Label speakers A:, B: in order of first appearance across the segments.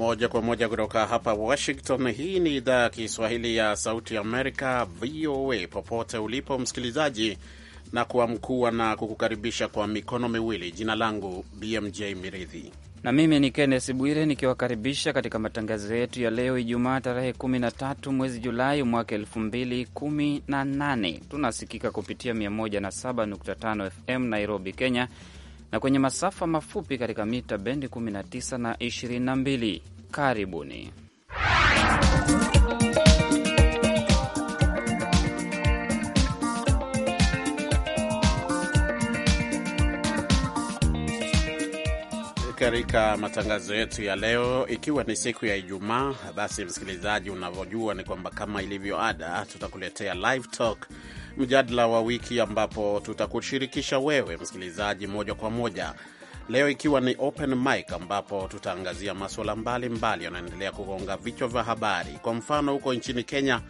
A: Moja kwa moja kutoka hapa Washington. Hii ni idhaa ya Kiswahili ya Sauti Amerika, VOA. Popote ulipo msikilizaji, na kuamkua na kukukaribisha kwa mikono miwili. Jina langu
B: BMJ miridhi na mimi ni Kennes Bwire nikiwakaribisha katika matangazo yetu ya leo Ijumaa tarehe 13 mwezi Julai mwaka 2018. Tunasikika kupitia 107.5 FM Nairobi, Kenya, na kwenye masafa mafupi katika mita bendi 19 na 22. Karibuni.
A: Katika matangazo yetu ya leo, ikiwa ni siku ya Ijumaa, basi msikilizaji, unavyojua ni kwamba kama ilivyo ada, tutakuletea live talk, mjadala wa wiki, ambapo tutakushirikisha wewe msikilizaji moja kwa moja leo ikiwa ni open mic ambapo tutaangazia masuala mbalimbali yanaendelea kugonga vichwa vya habari. Kwa mfano huko nchini Kenya,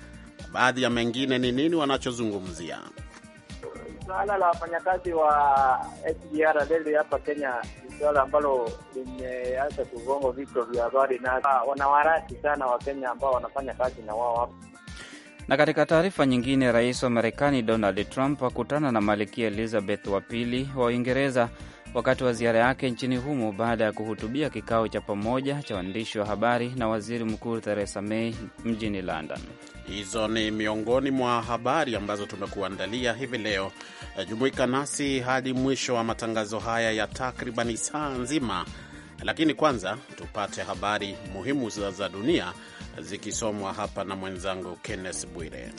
A: baadhi ya mengine ni nini wanachozungumzia?
C: Suala la wafanyakazi wa SGR reli hapa Kenya ni suala ambalo limeanza kugonga vichwa vya habari na wanawarasi sana Wakenya ambao wanafanya kazi na wao hapa
B: na katika taarifa nyingine, rais wa Marekani Donald Trump akutana na malkia Elizabeth wa pili wa Uingereza wakati wa ziara yake nchini humo baada ya kuhutubia kikao cha pamoja cha waandishi wa habari na waziri mkuu Theresa May mjini London.
A: Hizo ni miongoni mwa habari ambazo tumekuandalia hivi leo. Eh, jumuika nasi hadi mwisho wa matangazo haya ya takribani saa nzima, lakini kwanza tupate habari muhimu za dunia zikisomwa hapa na mwenzangu Kenneth Bwire.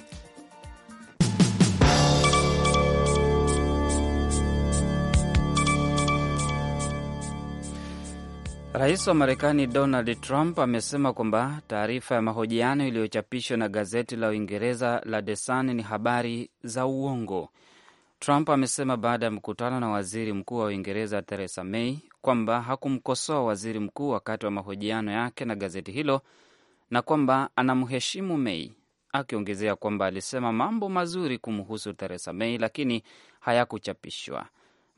B: Rais wa Marekani Donald Trump amesema kwamba taarifa ya mahojiano iliyochapishwa na gazeti la Uingereza la The Sun ni habari za uongo. Trump amesema baada ya mkutano na waziri mkuu wa Uingereza Theresa May kwamba hakumkosoa waziri mkuu wakati wa mahojiano yake na gazeti hilo na kwamba anamheshimu May, akiongezea kwamba alisema mambo mazuri kumhusu Theresa May lakini hayakuchapishwa.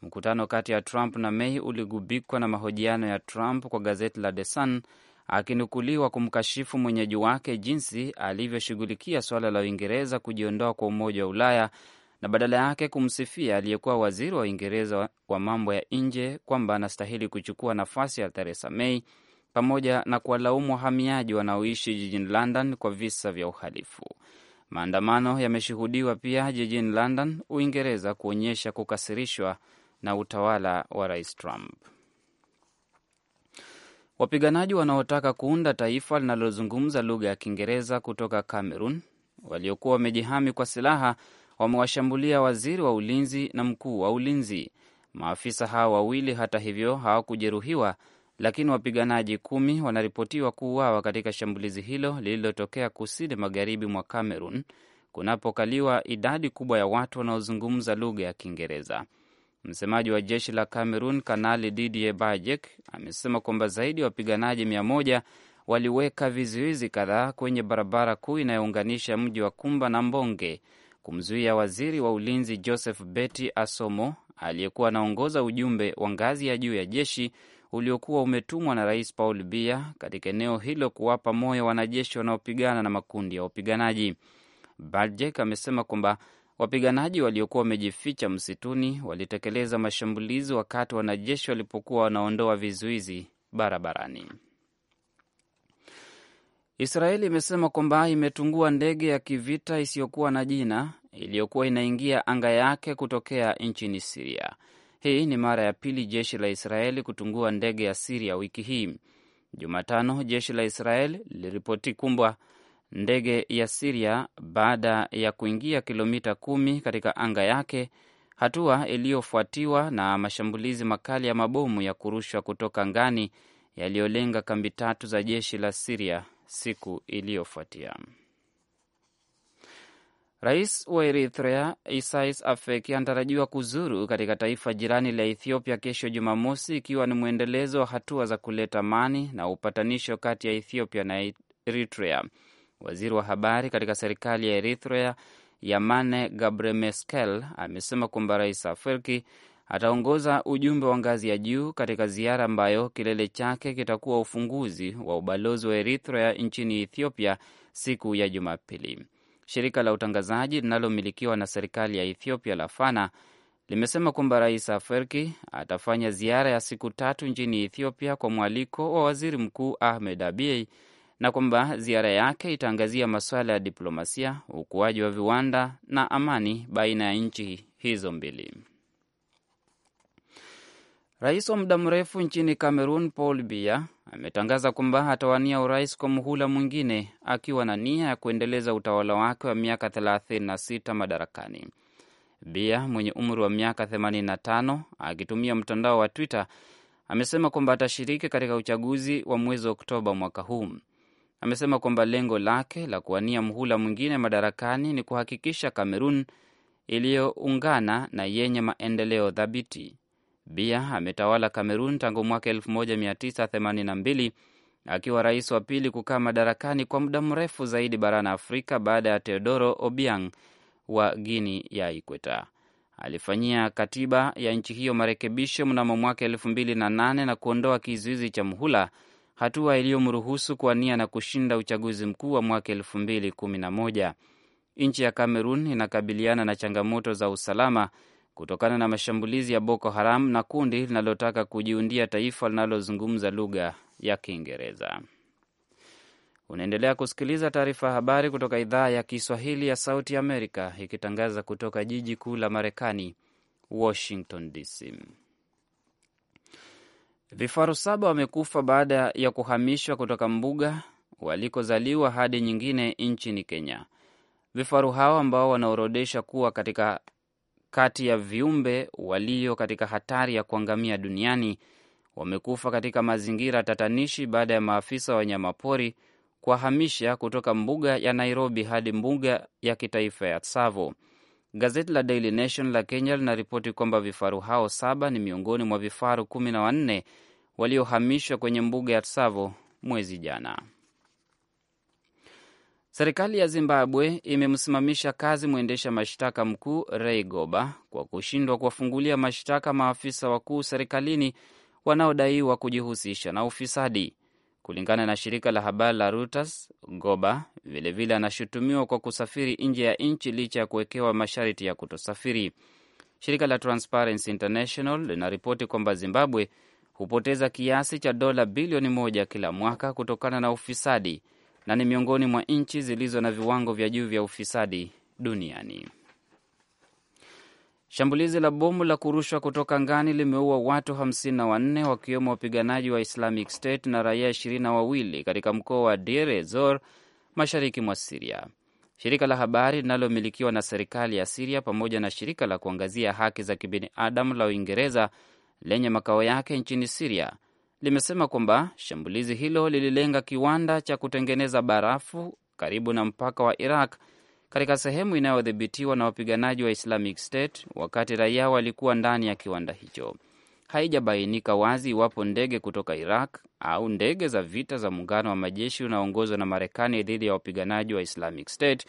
B: Mkutano kati ya Trump na May uligubikwa na mahojiano ya Trump kwa gazeti la The Sun, akinukuliwa kumkashifu mwenyeji wake jinsi alivyoshughulikia suala la Uingereza kujiondoa kwa Umoja wa Ulaya na badala yake kumsifia aliyekuwa waziri wa Uingereza wa mambo ya nje kwamba anastahili kuchukua nafasi ya Theresa May pamoja na kuwalaumu wahamiaji wanaoishi jijini London kwa visa vya uhalifu. Maandamano yameshuhudiwa pia jijini London, Uingereza, kuonyesha kukasirishwa na utawala wa Rais Trump. Wapiganaji wanaotaka kuunda taifa linalozungumza lugha ya Kiingereza kutoka Cameroon waliokuwa wamejihami kwa silaha wamewashambulia waziri wa ulinzi na mkuu wa ulinzi. Maafisa hao wawili hata hivyo hawakujeruhiwa, lakini wapiganaji kumi wanaripotiwa kuuawa katika shambulizi hilo lililotokea kusini magharibi mwa Cameroon kunapokaliwa idadi kubwa ya watu wanaozungumza lugha ya Kiingereza. Msemaji wa jeshi la Cameroon, Kanali Didier Bajek, amesema kwamba zaidi ya wapiganaji mia moja waliweka vizuizi kadhaa kwenye barabara kuu inayounganisha mji wa Kumba na Mbonge kumzuia waziri wa ulinzi Joseph Beti Asomo aliyekuwa anaongoza ujumbe wa ngazi ya juu ya jeshi uliokuwa umetumwa na Rais Paul Biya katika eneo hilo kuwapa moyo wanajeshi wanaopigana na makundi ya wapiganaji. Bajek amesema kwamba Wapiganaji waliokuwa wamejificha msituni walitekeleza mashambulizi wakati wanajeshi walipokuwa wanaondoa vizuizi barabarani. Israeli imesema kwamba imetungua ndege ya kivita isiyokuwa na jina iliyokuwa inaingia anga yake kutokea nchini Siria. Hii ni mara ya pili jeshi la Israeli kutungua ndege ya Siria wiki hii. Jumatano jeshi la Israeli liliripoti kwamba ndege ya Siria baada ya kuingia kilomita kumi katika anga yake, hatua iliyofuatiwa na mashambulizi makali ya mabomu ya kurushwa kutoka ngani yaliyolenga kambi tatu za jeshi la Siria siku iliyofuatia. Rais wa Eritrea Isais Afeki anatarajiwa kuzuru katika taifa jirani la Ethiopia kesho Jumamosi, ikiwa ni mwendelezo wa hatua za kuleta amani na upatanisho kati ya Ethiopia na Eritrea. Waziri wa habari katika serikali ya Eritrea Yamane Gabremeskel amesema kwamba Rais Afwerki ataongoza ujumbe wa ngazi ya juu katika ziara ambayo kilele chake kitakuwa ufunguzi wa ubalozi wa Eritrea nchini Ethiopia siku ya Jumapili. Shirika la utangazaji linalomilikiwa na serikali ya Ethiopia la Fana limesema kwamba Rais Afwerki atafanya ziara ya siku tatu nchini Ethiopia kwa mwaliko wa Waziri Mkuu Ahmed Abiy na kwamba ziara yake itaangazia masuala ya diplomasia, ukuaji wa viwanda na amani baina ya nchi hizo mbili. Rais wa muda mrefu nchini Cameroon Paul Biya ametangaza kwamba atawania urais kwa muhula mwingine akiwa na nia ya kuendeleza utawala wake wa miaka 36 madarakani. Biya mwenye umri wa miaka 85 akitumia mtandao wa Twitter amesema kwamba atashiriki katika uchaguzi wa mwezi Oktoba mwaka huu amesema kwamba lengo lake la kuwania mhula mwingine madarakani ni kuhakikisha Kamerun iliyoungana na yenye maendeleo thabiti. Bia ametawala Kamerun tangu mwaka 1982 akiwa rais wa pili kukaa madarakani kwa muda mrefu zaidi barani Afrika baada ya Teodoro Obiang wa Guini ya Ikweta. Alifanyia katiba ya nchi hiyo marekebisho mnamo mwaka 2008 na kuondoa kizuizi cha mhula hatua iliyomruhusu kuwania na kushinda uchaguzi mkuu wa mwaka elfu mbili kumi na moja. Nchi ya Kamerun inakabiliana na changamoto za usalama kutokana na mashambulizi ya Boko Haram na kundi linalotaka kujiundia taifa linalozungumza lugha ya Kiingereza. Unaendelea kusikiliza taarifa ya habari kutoka idhaa ya Kiswahili ya Sauti Amerika, ikitangaza kutoka jiji kuu la Marekani, Washington DC. Vifaru saba wamekufa baada ya kuhamishwa kutoka mbuga walikozaliwa hadi nyingine nchini Kenya. Vifaru hao ambao wanaorodesha kuwa katika kati ya viumbe walio katika hatari ya kuangamia duniani wamekufa katika mazingira tatanishi baada ya maafisa wa wanyamapori kuwahamisha kutoka mbuga ya Nairobi hadi mbuga ya kitaifa ya Tsavo. Gazeti la Daily Nation la Kenya linaripoti kwamba vifaru hao saba ni miongoni mwa vifaru kumi na wanne waliohamishwa kwenye mbuga ya Tsavo mwezi jana. Serikali ya Zimbabwe imemsimamisha kazi mwendesha mashtaka mkuu Ray Goba kwa kushindwa kuwafungulia mashtaka maafisa wakuu serikalini wanaodaiwa kujihusisha na ufisadi. Kulingana na shirika la habari la Reuters, Goba vilevile anashutumiwa kwa kusafiri nje ya nchi licha ya kuwekewa masharti ya kutosafiri. Shirika la Transparency International linaripoti kwamba Zimbabwe hupoteza kiasi cha dola bilioni moja kila mwaka kutokana na ufisadi na ni miongoni mwa nchi zilizo na viwango vya juu vya ufisadi duniani. Shambulizi la bomu la kurushwa kutoka ngani limeua watu 54 wakiwemo wapiganaji wa Islamic State na raia ishirini na wawili katika mkoa wa Deir ez-Zor mashariki mwa Siria. Shirika la habari linalomilikiwa na serikali ya Siria pamoja na shirika la kuangazia haki za kibinadamu la Uingereza lenye makao yake nchini Siria limesema kwamba shambulizi hilo lililenga kiwanda cha kutengeneza barafu karibu na mpaka wa Iraq katika sehemu inayodhibitiwa na wapiganaji wa Islamic State wakati raia walikuwa ndani ya kiwanda hicho. Haijabainika wazi iwapo ndege kutoka Iraq au ndege za vita za muungano wa majeshi unaoongozwa na Marekani dhidi ya wapiganaji wa Islamic State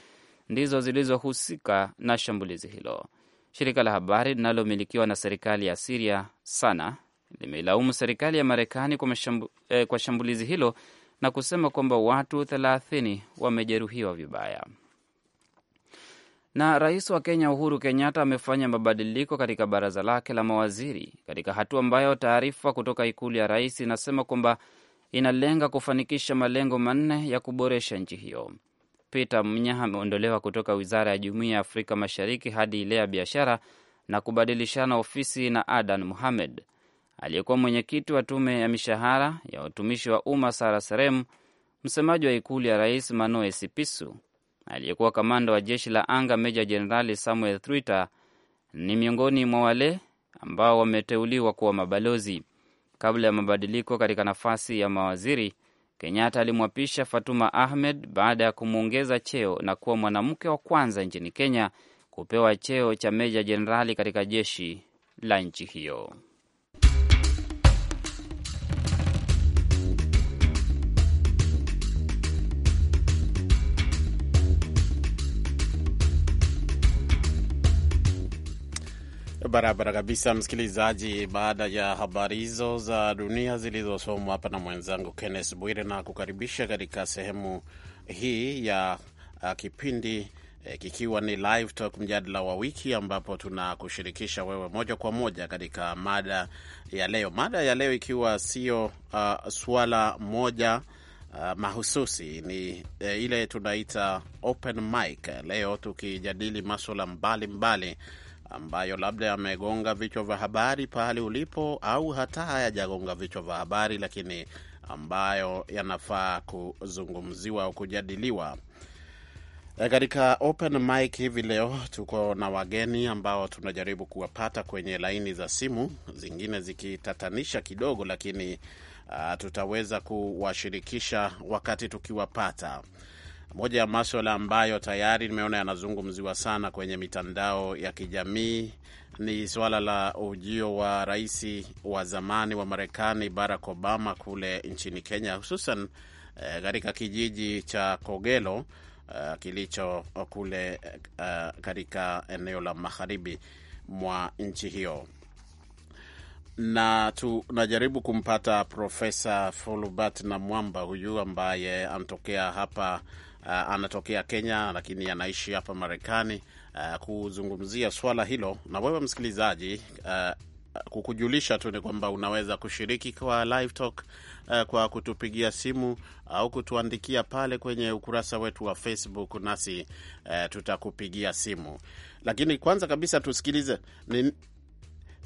B: ndizo zilizohusika na shambulizi hilo. Shirika la habari linalomilikiwa na serikali ya Siria Sana limeilaumu serikali ya Marekani kwa, mashambu, eh, kwa shambulizi hilo na kusema kwamba watu 30 wamejeruhiwa vibaya. Na rais wa Kenya Uhuru Kenyatta amefanya mabadiliko katika baraza lake la mawaziri, katika hatua ambayo taarifa kutoka ikulu ya rais inasema kwamba inalenga kufanikisha malengo manne ya kuboresha nchi hiyo. Peter Mnyaha ameondolewa kutoka wizara ya jumuiya ya Afrika Mashariki hadi ile ya biashara na kubadilishana ofisi na Adan muhamed Aliyekuwa mwenyekiti wa tume ya mishahara ya watumishi wa umma Sara Serem, msemaji wa ikulu ya rais Manoe Sipisu aliyekuwa kamanda wa jeshi la anga Meja Jenerali Samuel Twitter ni miongoni mwa wale ambao wameteuliwa kuwa mabalozi. Kabla ya mabadiliko katika nafasi ya mawaziri, Kenyatta alimwapisha Fatuma Ahmed baada ya kumwongeza cheo na kuwa mwanamke wa kwanza nchini Kenya kupewa cheo cha meja jenerali katika jeshi la nchi hiyo.
A: barabara kabisa, msikilizaji. Baada ya habari hizo za dunia zilizosomwa hapa na mwenzangu Kenneth Bwire, na kukaribisha katika sehemu hii ya a, uh, kipindi e, kikiwa ni Live Talk, mjadala wa wiki, ambapo tunakushirikisha wewe moja kwa moja katika mada ya leo. Mada ya leo ikiwa sio uh, moja Uh, mahususi ni uh, ile tunaita open mic eh, leo, tukijadili maswala mbalimbali ambayo labda yamegonga vichwa vya habari pahali ulipo au hata hayajagonga vichwa vya habari, lakini ambayo yanafaa kuzungumziwa au kujadiliwa. E, katika open mic hivi leo tuko na wageni ambao tunajaribu kuwapata kwenye laini za simu, zingine zikitatanisha kidogo, lakini uh, tutaweza kuwashirikisha wakati tukiwapata. Moja ya maswala ambayo tayari nimeona yanazungumziwa sana kwenye mitandao ya kijamii ni suala la ujio wa rais wa zamani wa Marekani Barack Obama kule nchini Kenya, hususan eh, katika eh, kijiji cha Kogelo eh, kilicho kule uh, katika eneo la magharibi mwa nchi hiyo na tunajaribu kumpata Profesa Fulbert na Mwamba huyu ambaye anatokea hapa uh, anatokea Kenya lakini anaishi hapa Marekani uh, kuzungumzia swala hilo. Na wewe msikilizaji, uh, kukujulisha tu ni kwamba unaweza kushiriki kwa live talk uh, kwa kutupigia simu au kutuandikia pale kwenye ukurasa wetu wa Facebook, nasi uh, tutakupigia simu. Lakini kwanza kabisa tusikilize ni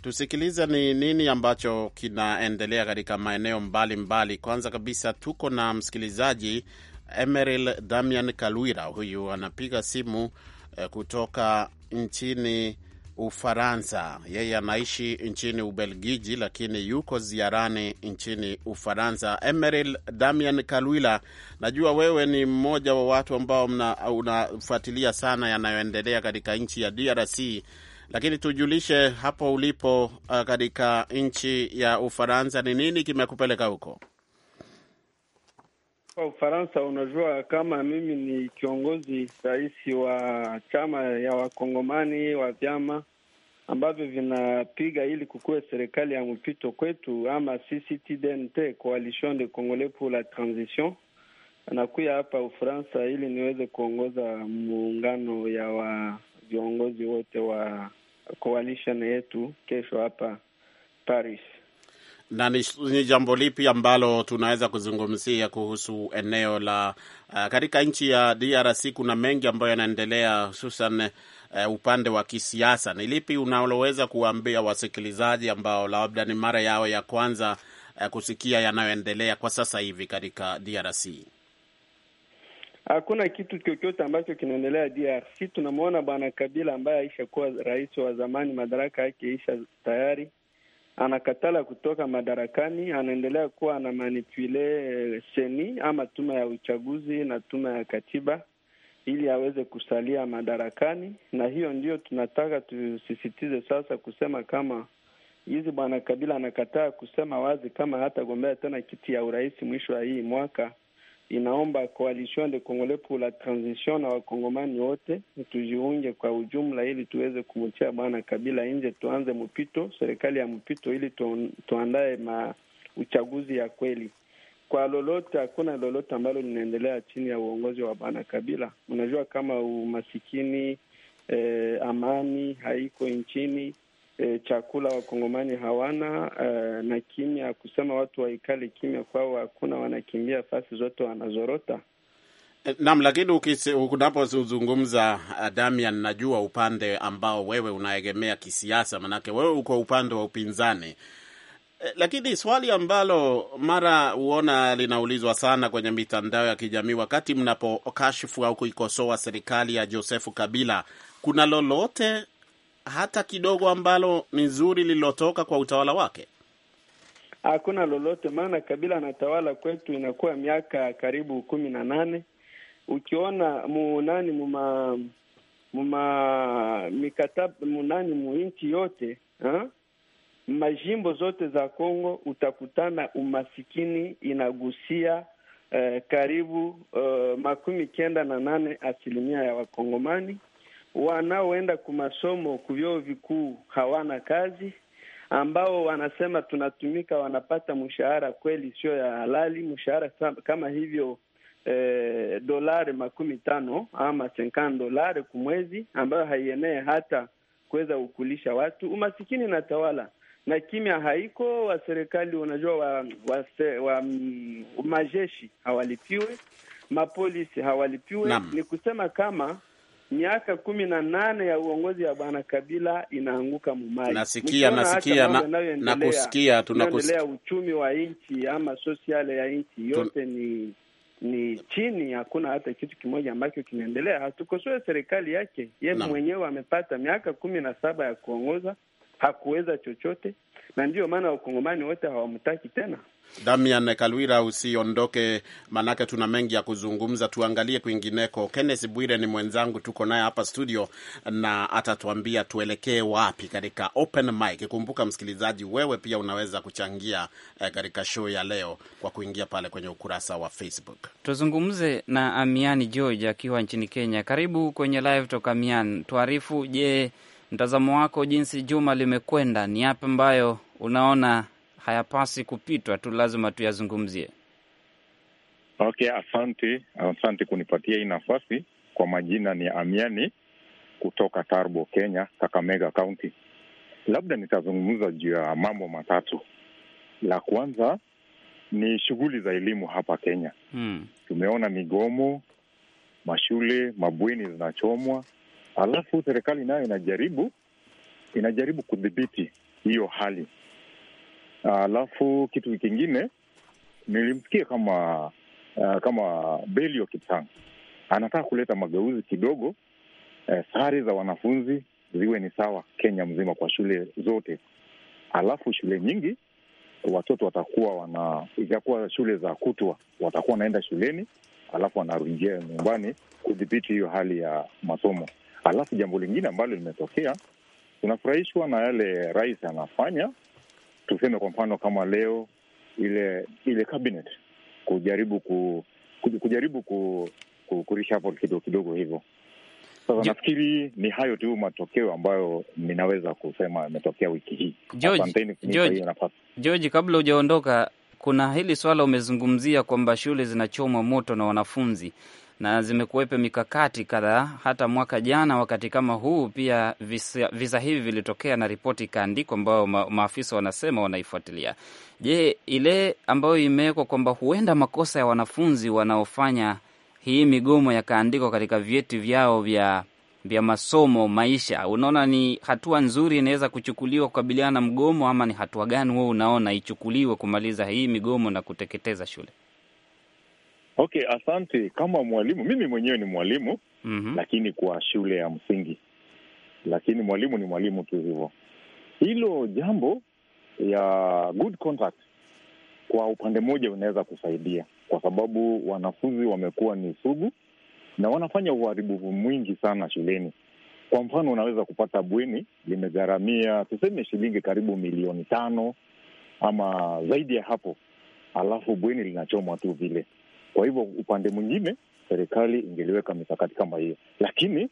A: tusikilize ni nini ambacho kinaendelea katika maeneo mbalimbali mbali. Kwanza kabisa tuko na msikilizaji Emeril Damian Kalwira, huyu anapiga simu eh, kutoka nchini Ufaransa. Yeye anaishi nchini Ubelgiji, lakini yuko ziarani nchini Ufaransa. Emeril Damian Kalwila, najua wewe ni mmoja wa watu ambao unafuatilia sana yanayoendelea katika nchi ya DRC, lakini tujulishe hapo ulipo eh, katika nchi ya Ufaransa, ni nini kimekupeleka huko?
D: Kwa Ufaransa unajua, kama mimi ni kiongozi rahisi wa chama ya wakongomani wa vyama ambavyo vinapiga ili kukuwe serikali ya mpito kwetu, ama CCTDNT, Coalition de Congolais pour la Transition, nakuya hapa Ufaransa ili niweze kuongoza muungano ya wa viongozi wote wa coalition yetu kesho hapa Paris
A: na ni, ni jambo lipi ambalo tunaweza kuzungumzia kuhusu eneo la uh, katika nchi ya DRC? Kuna mengi ambayo yanaendelea hususan uh, upande wa kisiasa. Ni lipi unaloweza kuwaambia wasikilizaji ambao labda ni mara yao ya kwanza uh, kusikia yanayoendelea kwa sasa hivi katika DRC?
D: Hakuna kitu chochote ambacho kinaendelea DRC. Tunamwona bwana Kabila ambaye aishakuwa rais wa zamani, madaraka yake isha tayari anakatala kutoka madarakani, anaendelea kuwa ana manipule eh, seni ama tume ya uchaguzi na tume ya katiba ili aweze kusalia madarakani. Na hiyo ndio tunataka tusisitize sasa kusema kama hizi bwana Kabila anakataa kusema wazi kama hatagombea tena kiti ya urais mwisho wa hii mwaka inaomba Coalition de Congolais pour la Transition na wakongomani wote tujiunge kwa ujumla, ili tuweze kumtia Bwana Kabila nje, tuanze mpito, serikali ya mpito, ili tuandae ma uchaguzi ya kweli. Kwa lolote, hakuna lolote ambalo linaendelea chini ya uongozi wa Bwana Kabila. Unajua kama umasikini, eh, amani haiko nchini e, chakula wakongomani hawana e, na kimya, kusema watu waikali kimya kwao hakuna, wanakimbia fasi zote, wanazorota.
A: E, nam lakini unapozungumza uh, Damian, najua upande ambao wewe unaegemea kisiasa, manake wewe uko upande wa upinzani, e, lakini swali ambalo mara huona linaulizwa sana kwenye mitandao ya kijamii wakati mnapokashifu au kuikosoa serikali ya Josefu Kabila, kuna lolote hata kidogo ambalo ni zuri lililotoka kwa utawala wake?
D: Hakuna lolote, maana Kabila anatawala kwetu inakuwa miaka karibu kumi na nane. Ukiona munani muma muma mikataba munani muinchi yote ha? majimbo zote za Kongo utakutana umasikini inagusia eh, karibu eh, makumi kenda na nane asilimia ya Wakongomani wanaoenda kumasomo kuvyuo vikuu hawana kazi, ambao wanasema tunatumika, wanapata mshahara kweli sio ya halali, mshahara kama hivyo eh, dolari makumi tano ama senkan dolari kumwezi, ambayo haienee hata kuweza kukulisha watu. Umasikini na tawala na kimya haiko wa serikali, unajua wa, wa, wa mm, majeshi hawalipiwe, mapolisi hawalipiwe. Ni kusema kama miaka kumi na nane ya uongozi wa bwana Kabila inaanguka mumai. Nasikia, nasikia na kusikia, tunakusikia. Uchumi wa nchi ama sosiale ya nchi yote ni ni chini, hakuna hata kitu kimoja ambacho kinaendelea. Hatukosoe serikali yake, ye mwenyewe amepata miaka kumi na saba ya kuongoza, hakuweza chochote na ndio maana wakongomani wote hawamtaki tena.
A: Damian Kalwira, usiondoke, maanake tuna mengi ya kuzungumza. Tuangalie kwingineko. Kenneth Bwire ni mwenzangu, tuko naye hapa studio na atatuambia tuelekee wapi katika open mic. Kumbuka msikilizaji, wewe pia unaweza kuchangia eh, katika show ya leo kwa kuingia pale kwenye ukurasa wa Facebook.
B: Tuzungumze na Amiani George akiwa nchini Kenya. Karibu kwenye live toka Amian, tuarifu je mtazamo wako jinsi juma limekwenda, ni yapi ambayo unaona hayapasi kupitwa tu, lazima tuyazungumzie?
E: Okay, asante, asante kunipatia hii nafasi. Kwa majina ni Amiani kutoka Tarbo, Kenya, Kakamega kaunti Labda nitazungumza juu ya mambo matatu. La kwanza ni shughuli za elimu hapa Kenya. Hmm, tumeona migomo, mashule, mabweni zinachomwa alafu serikali nayo inajaribu inajaribu kudhibiti hiyo hali. Alafu kitu kingine nilimsikia kama uh, kama Belio Kipsang anataka kuleta mageuzi kidogo eh, sare za wanafunzi ziwe ni sawa Kenya mzima kwa shule zote, alafu shule nyingi watoto watakuwa wana itakuwa shule za kutwa, watakuwa wanaenda shuleni alafu wanarujia nyumbani kudhibiti hiyo hali ya masomo. Alafu jambo lingine ambalo limetokea, tunafurahishwa na yale rais anafanya. Tuseme kwa mfano kama leo ile ile cabinet kujaribu ku, kujaribu ku, ku, ku kidogo kidogo hivyo. Sasa nafikiri ni hayo tu matokeo ambayo ninaweza kusema yametokea wiki hii.
B: George, kabla hujaondoka, kuna hili swala umezungumzia kwamba shule zinachomwa moto na wanafunzi na zimekuwepo mikakati kadhaa. Hata mwaka jana wakati kama huu pia visa, visa hivi vilitokea na ripoti ikaandikwa, ambayo maafisa wanasema wanaifuatilia. Je, ile ambayo imewekwa kwamba huenda makosa ya wanafunzi wanaofanya hii migomo yakaandikwa katika vyeti vyao vya vya masomo maisha, unaona ni hatua nzuri inaweza kuchukuliwa kukabiliana na mgomo, ama ni hatua gani wewe unaona ichukuliwe kumaliza hii migomo na kuteketeza shule?
E: Okay, asante. Kama mwalimu, mimi mwenyewe ni mwalimu mm -hmm. lakini kwa shule ya msingi, lakini mwalimu ni mwalimu tu hivyo. Hilo jambo ya good contact kwa upande mmoja unaweza kusaidia, kwa sababu wanafunzi wamekuwa ni sugu na wanafanya uharibifu mwingi sana shuleni. Kwa mfano, unaweza kupata bweni limegharamia tuseme shilingi karibu milioni tano ama zaidi ya hapo, alafu bweni linachomwa tu vile kwa hivyo upande mwingine, serikali ingeliweka mikakati kama hiyo, lakini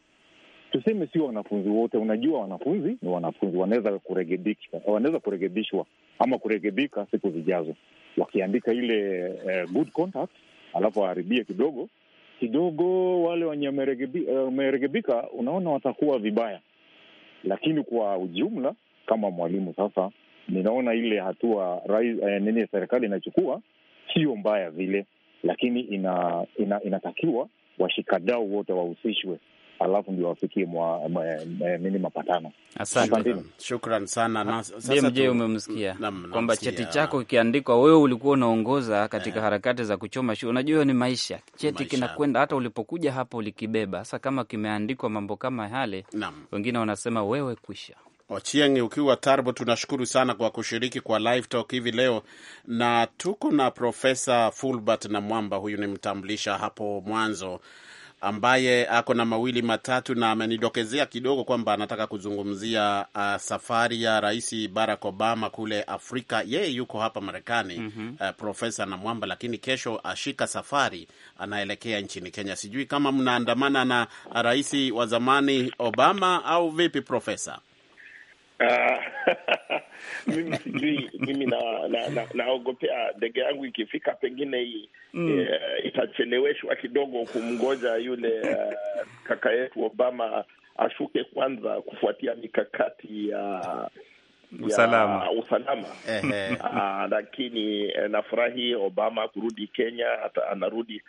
E: tuseme sio wanafunzi wote. Unajua, wanafunzi ni wanafunzi, wanaweza kurekebishwa, wanaweza kurekebishwa ama kurekebika siku zijazo, wakiandika ile eh, good conduct, alafu waharibie kidogo kidogo, wale wenye eh, wamerekebika, uh, unaona watakuwa vibaya. Lakini kwa ujumla, kama mwalimu sasa, ninaona ile hatua rais, eh, nini serikali inachukua sio mbaya vile, lakini ina, ina, inatakiwa washikadau wote wahusishwe alafu ndio wafikie nini mapatano.
B: Asante, shukran sana. Na ah, sasa umemsikia kwamba cheti chako kiandikwa, wewe ulikuwa unaongoza katika eh. harakati za kuchoma shule. Unajua ni maisha, cheti kinakwenda, hata ulipokuja hapo ulikibeba. Sasa kama kimeandikwa mambo kama yale, wengine wanasema wewe kwisha Ochieng, ukiwa Tarbo, tunashukuru sana kwa kushiriki kwa live talk hivi leo,
A: na tuko na Profesa Fulbert na Mwamba, huyu mtambulisha hapo mwanzo, ambaye ako na mawili matatu na amenidokezea kidogo kwamba anataka kuzungumzia uh, safari ya Rais Barack Obama kule Afrika. Yeye yuko hapa Marekani mm -hmm. uh, Profesa na Mwamba, lakini kesho ashika safari, anaelekea nchini Kenya. Sijui kama mnaandamana na rais wa zamani Obama au vipi, Profesa? Ah. mimi sijui, mimi
F: naogopea na, na, na ndege yangu ikifika pengine mm. e, itacheleweshwa kidogo kumngoja yule uh, kaka yetu Obama ashuke kwanza, kufuatia mikakati ya
G: uh, usalama ya
F: usalama uh, lakini eh, nafurahi Obama kurudi Kenya, hata anarudi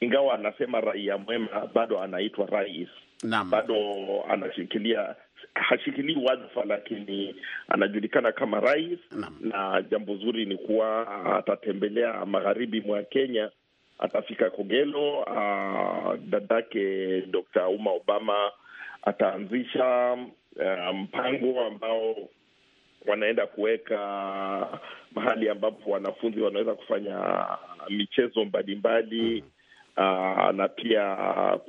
F: ingawa anasema raia mwema, bado anaitwa rais, bado anashikilia hashikilii wadhifa, lakini anajulikana kama rais na, na jambo zuri ni kuwa atatembelea magharibi mwa Kenya, atafika Kogelo. Ah, dadake Dr. Uma Obama ataanzisha ah, mpango ambao wanaenda kuweka mahali ambapo wanafunzi wanaweza kufanya michezo mbalimbali, uh, na pia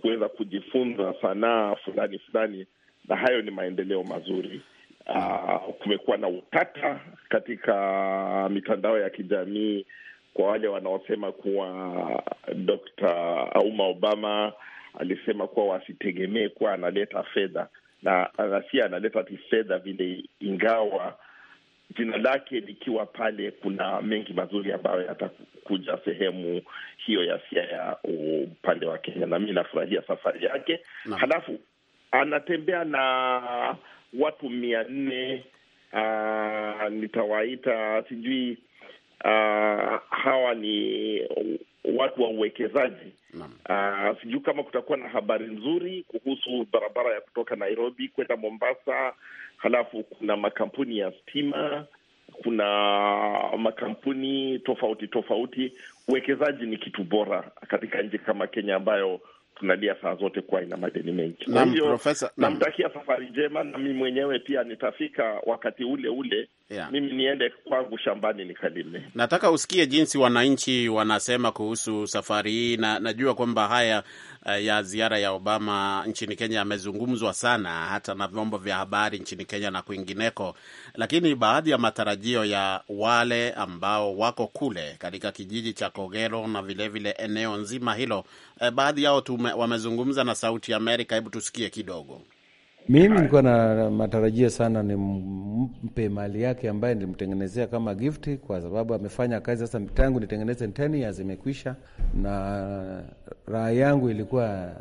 F: kuweza kujifunza sanaa fulani fulani na hayo ni maendeleo mazuri. Uh, kumekuwa na utata katika mitandao ya kijamii kwa wale wanaosema kuwa Dr. Auma Obama alisema kuwa wasitegemee kuwa analeta fedha na anasia analeta fedha vile, ingawa jina lake likiwa pale, kuna mengi mazuri ambayo yatakuja sehemu hiyo ya sia ya upande wa Kenya, na mi nafurahia safari yake na. Halafu anatembea na watu mia nne uh, nitawaita sijui uh, hawa ni watu wa uwekezaji uh, sijui kama kutakuwa na habari nzuri kuhusu barabara ya kutoka Nairobi kwenda Mombasa. Halafu kuna makampuni ya stima, kuna makampuni tofauti tofauti. Uwekezaji ni kitu bora katika nchi kama Kenya ambayo tunalia saa zote kuwa ina madeni mengi. Kwa hiyo namtakia safari njema, nami mwenyewe pia nitafika wakati ule ule yeah. Mimi niende kwangu shambani nikalime.
A: Nataka usikie jinsi wananchi wanasema kuhusu safari hii, na najua kwamba haya eh, ya ziara ya Obama nchini Kenya yamezungumzwa sana hata na vyombo vya habari nchini Kenya na kwingineko, lakini baadhi ya matarajio ya wale ambao wako kule katika kijiji cha Kogero na vilevile vile eneo nzima hilo, eh, baadhi yao tume, wamezungumza na Sauti ya Amerika. Hebu tusikie kidogo. Mimi nilikuwa na matarajio sana nimpe mali yake ambaye nilimtengenezea kama gifti, kwa sababu amefanya kazi sasa tangu nitengeneze ten ya zimekwisha, na raha yangu ilikuwa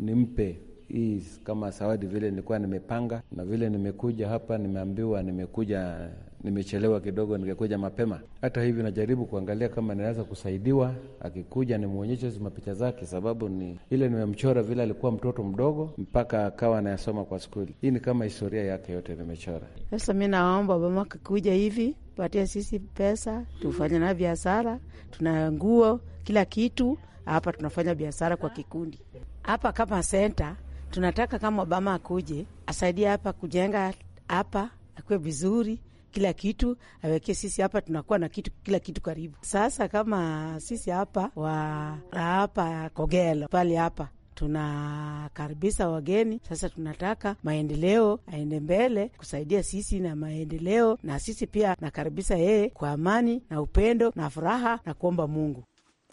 A: nimpe hii kama zawadi vile nilikuwa nimepanga na vile nimekuja hapa, nimeambiwa nimekuja nimechelewa kidogo, ningekuja mapema. Hata hivyo, najaribu kuangalia kama ninaweza kusaidiwa, akikuja nimwonyeshe mapicha zake, sababu ni ile nimemchora vile alikuwa mtoto mdogo mpaka akawa anayasoma kwa skuli. Hii ni kama historia yake yote
E: nimechora.
B: Sasa mi naomba mama akikuja hivi patie sisi pesa tufanye na biashara, tuna nguo kila kitu hapa, tunafanya biashara kwa kikundi hapa kama senta. Tunataka kama Obama akuje asaidia hapa kujenga hapa akuwe vizuri kila kitu aweke sisi hapa, tunakuwa na kitu kila kitu karibu. Sasa kama sisi hapa wa hapa Kogelo pale hapa tunakaribisha wageni sasa. Tunataka maendeleo aende mbele kusaidia sisi na maendeleo, na sisi pia nakaribisha yeye kwa amani na upendo na furaha na kuomba Mungu.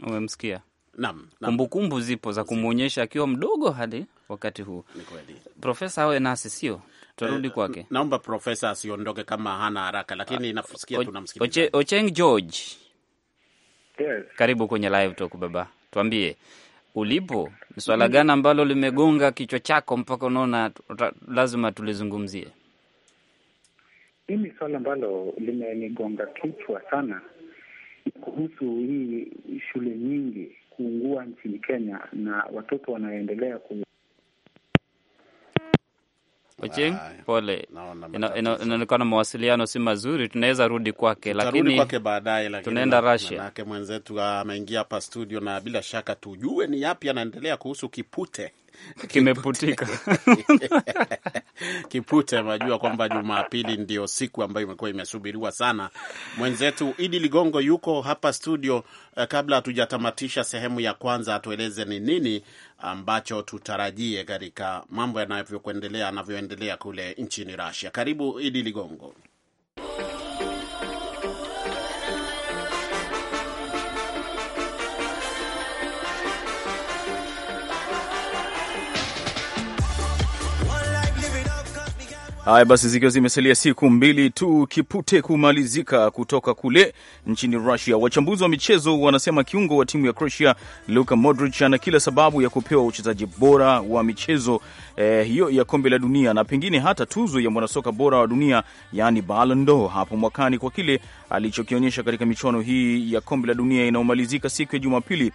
B: Umemsikia? Naam, kumbukumbu zipo za kumwonyesha akiwa mdogo hadi wakati huu. Profesa awe nasi, sio tutarudi eh, kwake. Naomba profesa asiondoke kama hana haraka, lakini nafusikia Oche, Ocheng George, yes. Karibu kwenye live talk baba, tuambie ulipo ni swala mm-hmm. gani ambalo limegonga kichwa chako mpaka unaona lazima tulizungumzie?
H: Mimi swala ambalo limenigonga kichwa sana
C: kuhusu hii shule nyingi kuungua nchini Kenya na watoto
H: wanaendelea ku
B: Ochieng, pole, inaonekana mawasiliano si mazuri. Tunaweza rudi kwake, lakini kwake baadaye, lakini tunaenda Russia, manake
A: mwenzetu ameingia hapa studio, na bila shaka tujue ni yapi anaendelea kuhusu kipute kimeputika kipute. Najua kwamba Jumapili ndio siku ambayo imekuwa imesubiriwa sana. Mwenzetu Idi Ligongo yuko hapa studio. Eh, kabla hatujatamatisha sehemu ya kwanza, atueleze ni nini ambacho tutarajie katika mambo yanavyokuendelea anavyoendelea kule nchini Russia. Karibu Idi Ligongo.
G: Haya basi, zikiwa zimesalia siku mbili tu kipute kumalizika kutoka kule nchini Russia, wachambuzi wa michezo wanasema kiungo wa timu ya Croatia Luka Modric ana kila sababu ya kupewa uchezaji bora wa michezo eh, hiyo ya kombe la dunia na pengine hata tuzo ya mwanasoka bora wa dunia, yaani Ballon d'Or hapo mwakani kwa kile alichokionyesha katika michuano hii ya kombe la dunia inayomalizika siku ya Jumapili.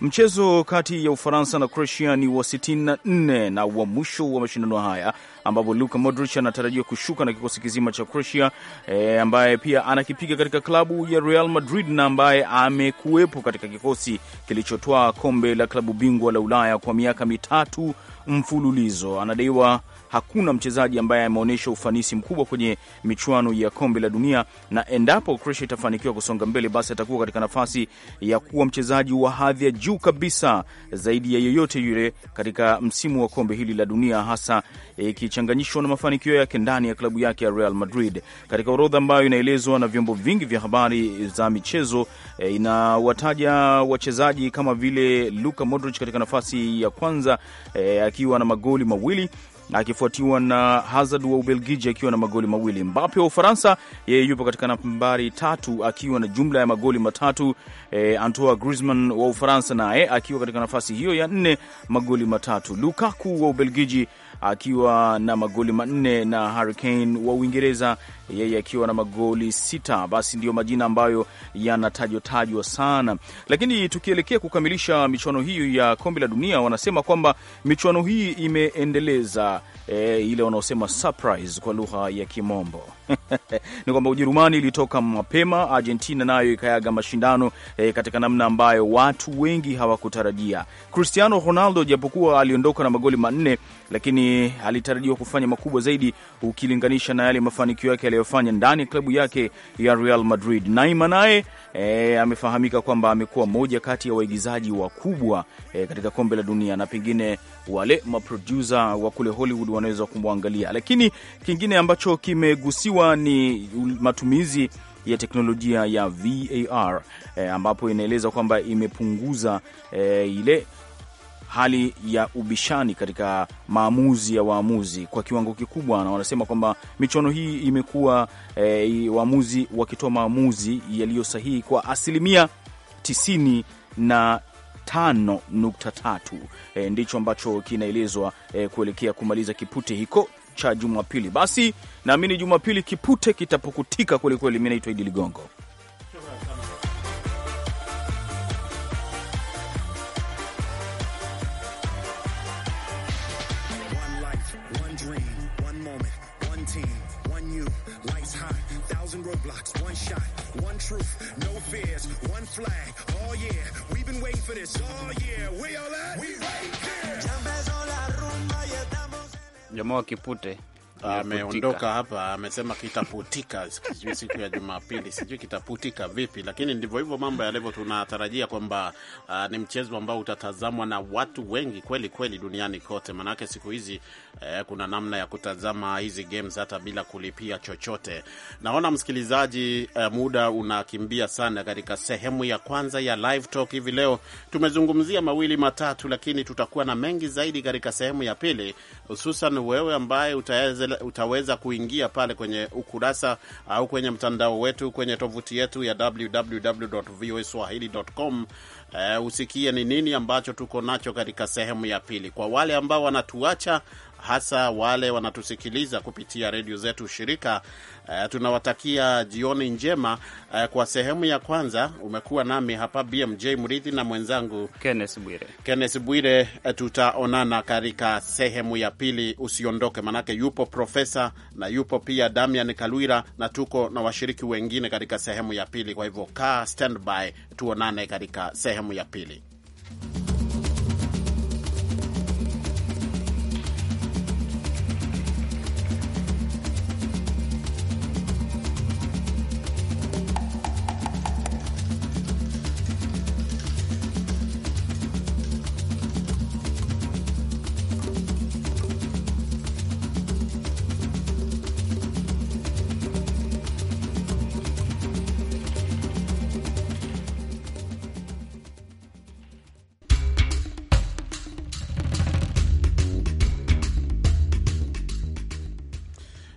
G: Mchezo kati ya Ufaransa na Croatia ni wa 64 na wa mwisho wa mashindano haya ambapo Luka Modric anatarajiwa kushuka na kikosi kizima cha Croatia e, ambaye pia anakipiga katika klabu ya Real Madrid na ambaye amekuwepo katika kikosi kilichotwaa kombe la klabu bingwa la Ulaya kwa miaka mitatu mfululizo. Anadaiwa hakuna mchezaji ambaye ameonyesha ufanisi mkubwa kwenye michuano ya kombe la dunia, na endapo Croatia itafanikiwa kusonga mbele, basi atakuwa katika nafasi ya kuwa mchezaji wa hadhi ya juu kabisa zaidi ya yeyote yule katika msimu wa kombe hili la dunia, hasa ikichanganyishwa e, na mafanikio yake ndani ya klabu yake ya Real Madrid. Katika orodha ambayo inaelezwa na vyombo vingi vya habari za michezo e, inawataja wachezaji kama vile Luka Modric katika nafasi ya kwanza e, akiwa na magoli mawili akifuatiwa na Hazard wa Ubelgiji akiwa na magoli mawili. Mbappe wa Ufaransa yeye yupo katika nambari tatu akiwa na jumla ya magoli matatu. E, Antoine Griezmann wa Ufaransa naye akiwa katika nafasi hiyo ya nne, magoli matatu. Lukaku wa Ubelgiji akiwa na magoli manne na Hurricane wa Uingereza yeye akiwa na magoli sita. Basi ndiyo majina ambayo yanatajwa tajwa sana, lakini tukielekea kukamilisha michuano hii ya kombe la dunia, wanasema kwamba michuano hii imeendeleza e, ile wanaosema surprise kwa lugha ya Kimombo ni kwamba Ujerumani ilitoka mapema, Argentina nayo ikayaga mashindano e, katika namna ambayo watu wengi hawakutarajia. Cristiano Ronaldo japokuwa aliondoka na magoli manne, lakini alitarajiwa kufanya makubwa zaidi ukilinganisha na yale mafanikio yake aliyofanya ndani ya klabu yake ya Real Madrid. Neymar naye e, amefahamika kwamba amekuwa moja kati ya waigizaji wakubwa e, katika kombe la dunia na pengine wale maproducer wa kule Hollywood wanaweza kumwangalia. Lakini kingine ambacho kimegusiwa ni matumizi ya teknolojia ya VAR e, ambapo inaeleza kwamba imepunguza e, ile hali ya ubishani katika maamuzi ya waamuzi kwa kiwango kikubwa, na wanasema kwamba michuano hii imekuwa e, waamuzi wakitoa maamuzi yaliyo sahihi kwa asilimia tisini na e, ndicho ambacho kinaelezwa e, kuelekea kumaliza kipute hiko cha Jumapili. Basi naamini Jumapili kipute kitapukutika kwelikweli. Mi naitwa Idi Ligongo. thousand roadblocks, one shot, one truth, no fears, one flag. Oh yeah, we've been waiting for this all oh year. We all at? We right
A: Llamó a Kipute. ameondoka hapa, amesema kitaputika sijui siku ya Jumapili, sijui kitaputika vipi, lakini ndivyo hivyo mambo yalivyo. Tunatarajia kwamba uh, ni mchezo ambao utatazamwa na watu wengi kweli kweli duniani kote, maanake siku hizi uh, kuna namna ya kutazama hizi games hata bila kulipia chochote. Naona msikilizaji, uh, muda unakimbia sana. Katika sehemu ya kwanza ya live talk hivi leo tumezungumzia mawili matatu, lakini tutakuwa na mengi zaidi katika sehemu ya pili, hususan wewe ambaye utaweza utaweza kuingia pale kwenye ukurasa uh, au kwenye mtandao wetu kwenye tovuti yetu ya www.voaswahili.com. Uh, usikie ni nini ambacho tuko nacho katika sehemu ya pili. Kwa wale ambao wanatuacha, hasa wale wanatusikiliza kupitia redio zetu shirika Uh, tunawatakia jioni njema. Uh, kwa sehemu ya kwanza umekuwa nami hapa BMJ Murithi na mwenzangu Kenneth Bwire. Kenneth Bwire, eh, tutaonana katika sehemu ya pili. Usiondoke, manake yupo profesa na yupo pia Damian Kalwira na tuko na washiriki wengine katika sehemu ya pili. Kwa hivyo kaa standby, tuonane katika sehemu ya pili.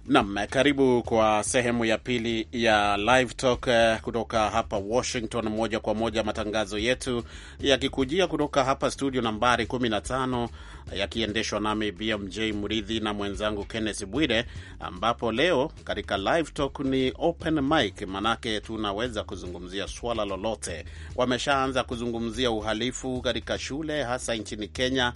A: nam karibu kwa sehemu ya pili ya Live Talk eh, kutoka hapa Washington, moja kwa moja, matangazo yetu yakikujia kutoka hapa studio nambari 15 yakiendeshwa nami BMJ Mridhi na mwenzangu Kenneth Bwire, ambapo leo katika Live Talk ni open mic, manake tunaweza kuzungumzia swala lolote. Wameshaanza kuzungumzia uhalifu katika shule hasa nchini Kenya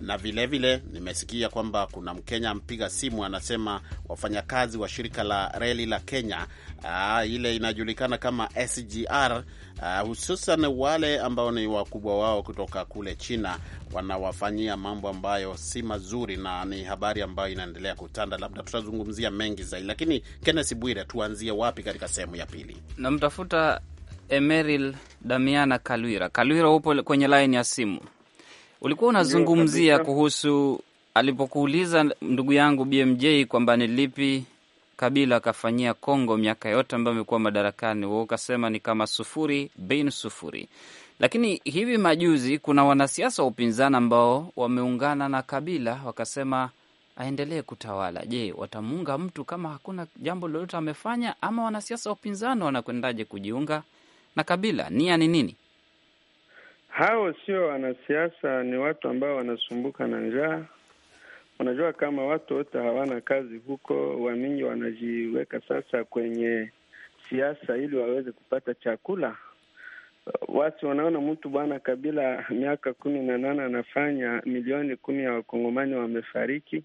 A: na vilevile vile, nimesikia kwamba kuna Mkenya mpiga simu anasema wafanyakazi wa shirika la reli la Kenya aa, ah, ile inajulikana kama SGR aa, ah, hususan wale ambao ni wakubwa wao kutoka kule China wanawafanyia mambo ambayo si mazuri, na ni habari ambayo inaendelea kutanda. Labda tutazungumzia mengi zaidi,
B: lakini kennes Bwire, tuanzie wapi katika sehemu ya pili? Namtafuta Emeril Damiana Kalwira. Kalwira, upo kwenye laini ya simu? Ulikuwa unazungumzia kuhusu alipokuuliza ndugu yangu BMJ kwamba ni lipi Kabila akafanyia Kongo miaka yote ambayo amekuwa madarakani, wewe ukasema ni kama sufuri bin sufuri. Lakini hivi majuzi kuna wanasiasa wa upinzani ambao wameungana na Kabila wakasema aendelee kutawala. Je, watamuunga mtu kama hakuna jambo lolote amefanya, ama wanasiasa wa upinzani wanakwendaje kujiunga na Kabila? Nia ni nini?
D: Hao sio wanasiasa, ni watu ambao wanasumbuka na njaa. Unajua, kama watu wote hawana kazi huko, wamingi wanajiweka sasa kwenye siasa ili waweze kupata chakula. Watu wanaona mtu bwana Kabila miaka kumi na nane anafanya milioni kumi ya wakongomani wamefariki.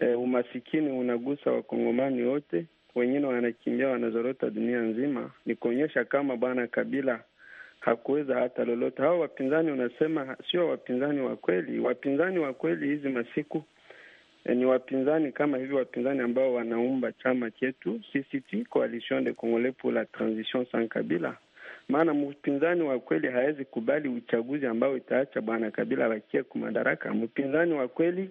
D: E, umasikini unagusa wakongomani wote, wengine wanakimbia wanazorota dunia nzima. Ni kuonyesha kama bwana Kabila hakuweza hata lolote. Hao wapinzani unasema sio wapinzani wa kweli. Wapinzani wa kweli hizi masiku e, ni wapinzani kama hivi, wapinzani ambao wanaumba chama chetu CCT, Coalition de Congolais pour la Transition sans Kabila. Maana mpinzani wa kweli hawezi kubali uchaguzi ambao itaacha bwana Kabila wakie ku madaraka. Mpinzani wa kweli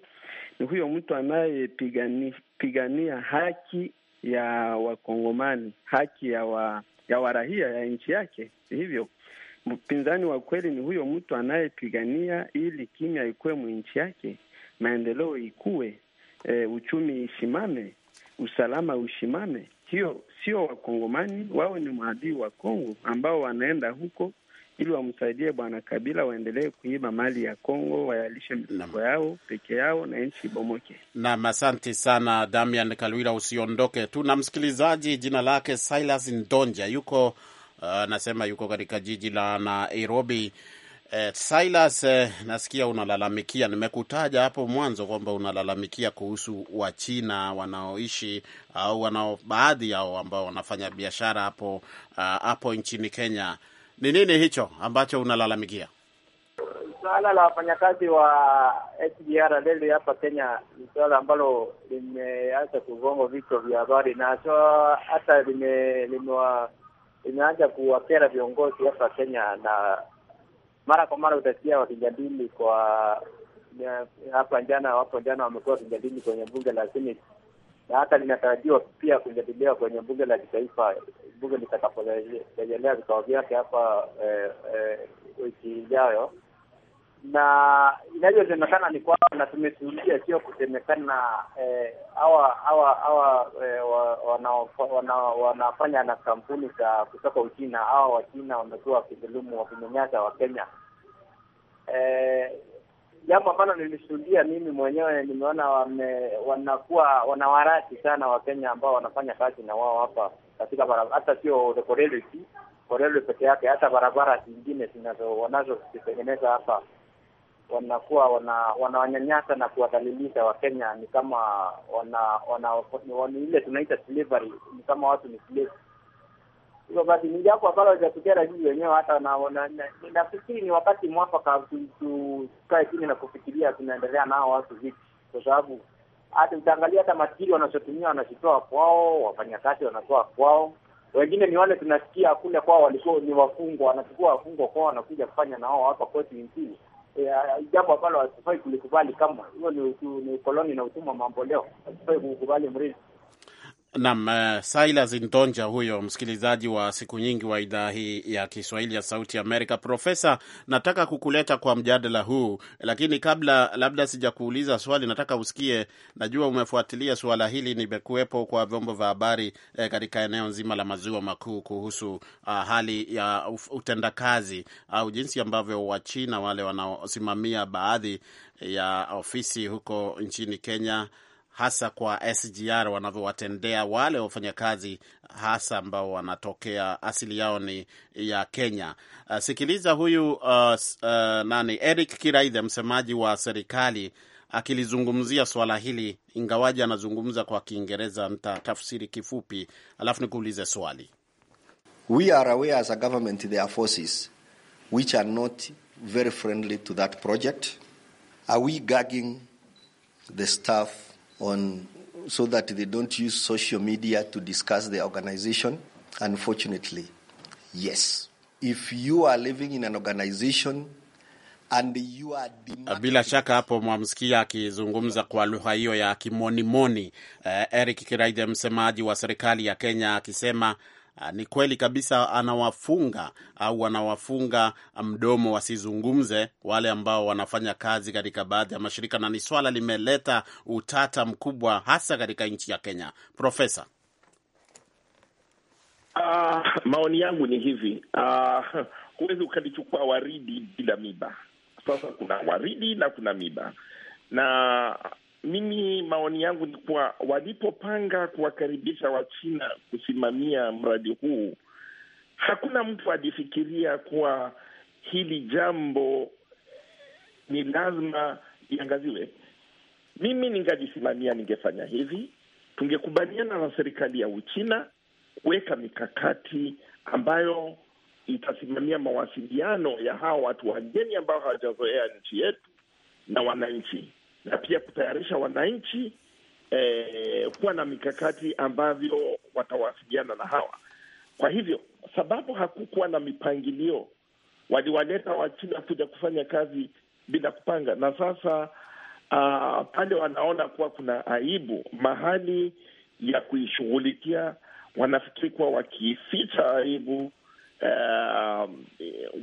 D: ni huyo mtu anayepigania haki ya Wakongomani, haki ya wa, ya warahia ya nchi yake, hivyo mpinzani wa kweli ni huyo mtu anayepigania ili kimya ikuwe mwinchi yake, maendeleo ikuwe, e, eh, uchumi ishimame, usalama ushimame. Hiyo sio Wakongomani, wao ni maadui wa Kongo ambao wanaenda huko ili wamsaidie Bwana Kabila waendelee kuiba mali ya Kongo, wayalishe mifugo yao peke yao na nchi ibomoke.
A: Nam, asante sana Damian Kalwira, usiondoke tu. Na msikilizaji, jina lake Silas Ndonja yuko anasema ah, uh, yuko katika jiji la Nairobi. Eh, Silas eh, nasikia unalalamikia, nimekutaja hapo mwanzo kwamba unalalamikia kuhusu Wachina wanaoishi au wanao baadhi yao ambao wanafanya biashara hapo uh, nchini Kenya. Ni nini hicho ambacho unalalamikia?
C: Suala la wafanyakazi wa SGR reli hapa Kenya ni suala ambalo limeanza kugonga vichwa vya habari na hata lime- limewa imeanza kuwakera viongozi hapa Kenya, na mara kwa mara utasikia wakijadili kwa eh, hapa jana, wapo jana wamekuwa wakijadili kwenye bunge la Seneti na hata linatarajiwa pia kujadiliwa kwenye bunge la kitaifa, bunge litakaporejelea vikao vyake hapa eh, eh, wiki ijayo na inavyosemekana ni kwamba, na tumeshuhudia sio kusemekana, eh, hawa hawa eh, wanafanya na kampuni za kutoka Uchina, hawa Wachina wamekuwa wakidhulumu, wakinyanyasa kenya eh, jambo ambalo nilishuhudia mimi mwenyewe. Nimeona wanakuwa wanawarati sana Wakenya ambao wanafanya kazi na wao hapa katika barabara, hata sio koreli peke yake, hata barabara zingine wanazo hapa wanakuwa wanawanyanyasa wana na kuwadhalilisha Wakenya, ni kama wana wana, wana, ile tunaita slavery, ni kama watu ni slave. Hivyo basi ni jambo ambalo halijatukera sisi wenyewe hata na, na, na, nafikiri ni wakati mwafaka tukae chini na kufikiria tunaendelea nao watu vipi, kwa sababu hata utaangalia hata matiri wanachotumia wanachotoa kwao, wafanyakazi wanatoa kwao, wengine ni wale tunasikia kule kwao walikuwa ni wafungwa, wanachukua wafungwa kwao wanakuja kufanya nao hapa kwetu nchini jambo ambalo hatufai kulikubali Kama Hiyo ni ukoloni na utumwa mambo leo, hatufai kukubali mrithi
A: Nam eh, Silas Ntonja huyo msikilizaji wa siku nyingi wa idhaa hii ya Kiswahili ya Sauti Amerika. Profesa, nataka kukuleta kwa mjadala huu, lakini kabla labda sijakuuliza swali, nataka usikie, najua umefuatilia suala hili, nimekuwepo kwa vyombo vya habari eh, katika eneo nzima la maziwa makuu kuhusu ah, hali ya utendakazi au ah, jinsi ambavyo Wachina wale wanaosimamia baadhi ya ofisi huko nchini Kenya hasa kwa SGR wanavyowatendea wale wafanyakazi hasa ambao wanatokea asili yao ni ya Kenya. Uh, sikiliza huyu uh, uh, nani Eric Kiraithe, msemaji wa serikali akilizungumzia swala hili, ingawaji anazungumza kwa Kiingereza. ntatafsiri kifupi, alafu nikuulize swali.
F: We are aware as a government there are forces which are not very friendly to that project. Are we gagging the staff on so that they don't use social media to discuss the organization? Unfortunately, yes. If you are living in an organization and you are
A: bila shaka hapo mwamsikia akizungumza kwa lugha hiyo ya kimonimoni. Uh, Eric Kiraithe msemaji wa serikali ya Kenya akisema Ah, ni kweli kabisa anawafunga au anawafunga ah, mdomo wasizungumze wale ambao wanafanya kazi katika baadhi ya mashirika, na ni swala limeleta utata mkubwa hasa katika nchi ya Kenya. Profesa,
F: uh, maoni yangu ni hivi, uh, huwezi ukalichukua waridi bila miba. Sasa kuna waridi na kuna miba na mimi maoni yangu ni kuwa walipopanga kuwakaribisha Wachina kusimamia mradi huu, hakuna mtu alifikiria kuwa hili jambo ni lazima iangaziwe. Mimi ningajisimamia, ningefanya hivi, tungekubaliana na serikali ya Uchina kuweka mikakati ambayo itasimamia mawasiliano ya hawa watu wageni ambao hawajazoea nchi yetu na wananchi na pia kutayarisha wananchi eh, kuwa na mikakati ambavyo watawasiliana na hawa. Kwa hivyo, sababu hakukuwa na mipangilio, waliwaleta Wachina kuja kufanya kazi bila kupanga, na sasa uh, pale wanaona kuwa kuna aibu mahali ya kuishughulikia, wanafikiri kuwa wakificha aibu uh,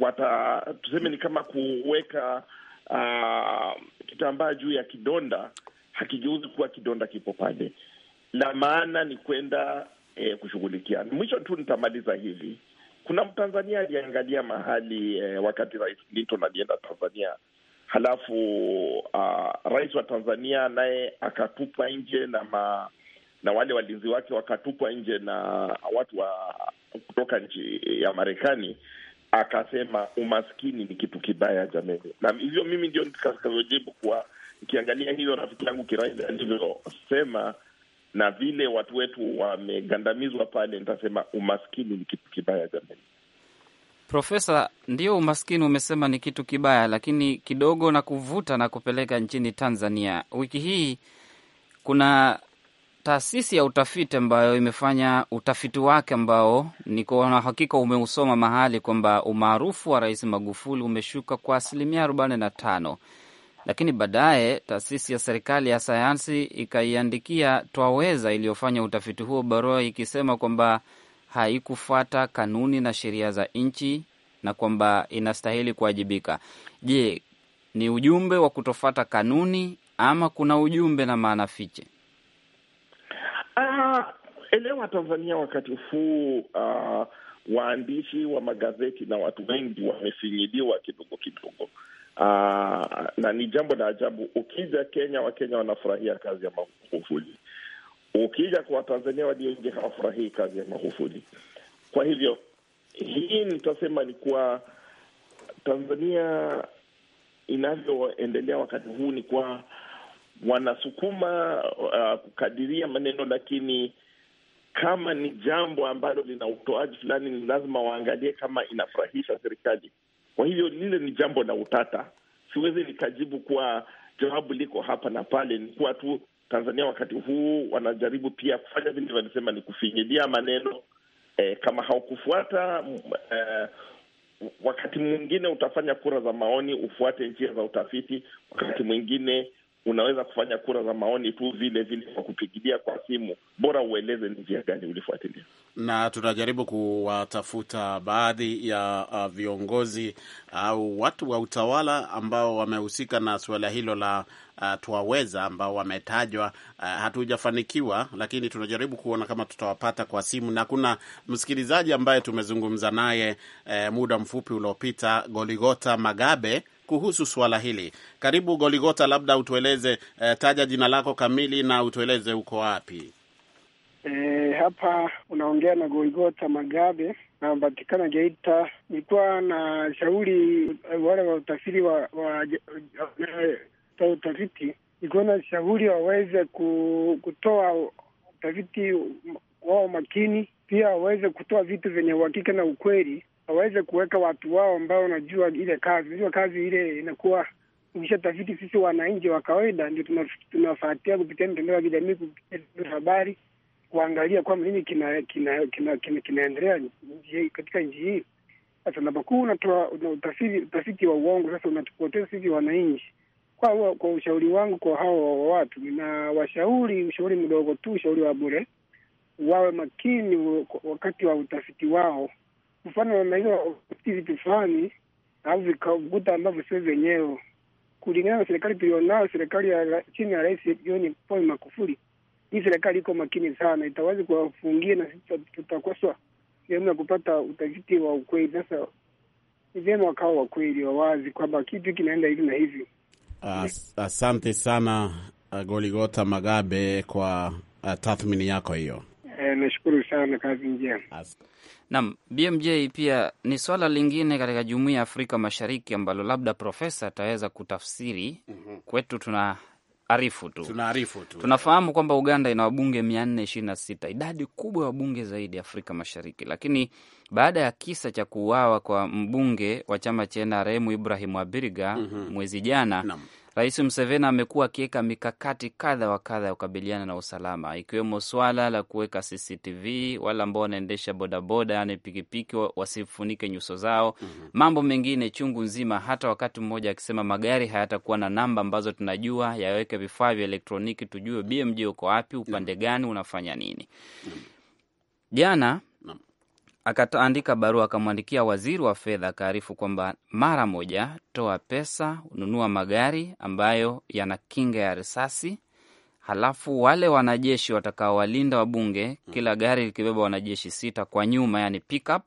F: wata tuseme ni kama kuweka uh, kitambaa juu ya kidonda hakigeuzi kuwa kidonda kipo pale, na maana ni kwenda eh, kushughulikia. Mwisho tu nitamaliza hivi, kuna mtanzania aliangalia mahali eh, wakati Rais Clinton alienda Tanzania, halafu uh, rais wa Tanzania naye akatupwa nje na ma, na wale walinzi wake wakatupwa nje na watu wa kutoka nchi ya Marekani akasema umaskini ni kitu kibaya jamani. na hivyo mimi ndio nitakavyojibu kuwa ikiangalia hilo rafiki yangu Kiraila alivyosema na vile watu wetu wamegandamizwa pale, nitasema umaskini ni kitu kibaya jamani.
B: Profesa, ndio umaskini umesema ni kitu kibaya, lakini kidogo na kuvuta na kupeleka nchini Tanzania. Wiki hii kuna taasisi ya utafiti ambayo imefanya utafiti wake ambao niko na hakika umeusoma mahali kwamba umaarufu wa Rais Magufuli umeshuka kwa asilimia 45, lakini baadaye taasisi ya serikali ya sayansi ikaiandikia Twaweza iliyofanya utafiti huo barua ikisema kwamba haikufuata kanuni na sheria za nchi na kwamba inastahili kuwajibika. Je, ni ujumbe wa kutofata kanuni ama kuna ujumbe na maana fiche?
F: Uh, elewa Tanzania wakati huu uh, waandishi wa magazeti na watu wengi wamefinyiliwa kidogo kidogo. Uh, na ni jambo la ajabu. Ukija Kenya, Wakenya wanafurahia kazi ya Magufuli. Ukija kwa Watanzania walio nje hawafurahii kazi ya Magufuli. Kwa hivyo hii nitasema ni kuwa Tanzania inavyoendelea wakati huu ni kwa wanasukuma uh, kukadiria maneno, lakini kama ni jambo ambalo lina utoaji fulani, ni lazima waangalie kama inafurahisha serikali. Kwa hivyo lile ni jambo la utata, siwezi nikajibu kuwa jawabu liko hapa na pale. Ni kuwa tu Tanzania wakati huu wanajaribu pia kufanya vile walisema ni kufinyilia maneno eh, kama haukufuata eh, wakati mwingine utafanya kura za maoni, ufuate njia za utafiti, wakati mwingine unaweza kufanya kura za maoni tu vile vile kwa kupigilia kwa simu, bora ueleze ni njia gani ulifuatilia.
A: Na tunajaribu kuwatafuta baadhi ya uh, viongozi au uh, watu wa utawala ambao wamehusika na suala hilo la uh, twaweza ambao wametajwa uh, hatujafanikiwa, lakini tunajaribu kuona kama tutawapata kwa simu, na kuna msikilizaji ambaye tumezungumza naye uh, muda mfupi uliopita, Goligota Magabe kuhusu suala hili. Karibu Goligota, labda utueleze eh, taja jina lako kamili na utueleze uko wapi.
D: E,
H: hapa unaongea na Goligota Magabe napatikana Geita. Nilikuwa na shauri eh, wale wa utafiti eh, wa utafiti, nilikuwa na shauri waweze kutoa utafiti wao makini, pia waweze kutoa vitu vyenye uhakika na ukweli waweze kuweka watu wao ambao wanajua ile kazi. Hiyo kazi ile inakuwa ukisha tafiti, sisi wananchi wa kawaida ndio tunafuatia kupitia mitandao ya kijamii, kupitia habari, kuangalia kwamba nini kinaendelea kina, kina, kina, kina katika nchi hii. Sasa unapokuwa unatoa utafiti wa uongo, sasa unatupoteza sisi wananchi. Kwa, kwa ushauri wangu kwa hao wa watu, washauri ushauri mdogo tu, ushauri wa bure, wawe makini wakati wa utafiti wao kufana na hiyo vitu fulani au vikavuta ambavyo sio vyenyewe. Kulingana na serikali tulionayo, serikali ya chini ya Rais John Pombe Magufuli, hii serikali iko makini sana, itawazi kuwafungia na sisi sehemu ya kupata utafiti wa ukweli. Sasa ni vyema wakawa wakweli, wawazi kwamba kitu kinaenda hivi na hivi.
A: Asante sana uh, Goligota Magabe kwa uh, tathmini yako hiyo.
H: E, nashukuru sana, kazi njema
B: nam BMJ pia ni swala lingine katika jumuia ya Afrika Mashariki ambalo labda profesa ataweza kutafsiri. mm -hmm. Kwetu tuna arifu tu, tunaarifu tu, tunafahamu kwamba Uganda ina wabunge mia nne ishirini na sita, idadi kubwa ya wabunge zaidi Afrika Mashariki. Lakini baada ya kisa cha kuuawa kwa mbunge wa chama cha NRM Ibrahim Abiriga mm -hmm. mwezi jana Nam. Rais Museveni amekuwa akiweka mikakati kadha wa kadha ya kukabiliana na usalama, ikiwemo swala la kuweka CCTV, wale ambao wanaendesha bodaboda, yani pikipiki, wasifunike nyuso zao, mm -hmm. Mambo mengine chungu nzima, hata wakati mmoja akisema magari hayatakuwa na namba ambazo tunajua, yaweke vifaa vya elektroniki, tujue BMJ uko wapi, upande mhm. gani, unafanya nini. Mhm. Jana akaandika barua akamwandikia waziri wa fedha akaarifu kwamba mara moja toa pesa, ununua magari ambayo yana kinga ya risasi, halafu wale wanajeshi watakaowalinda wabunge, kila gari likibeba wanajeshi sita kwa nyuma, yani pickup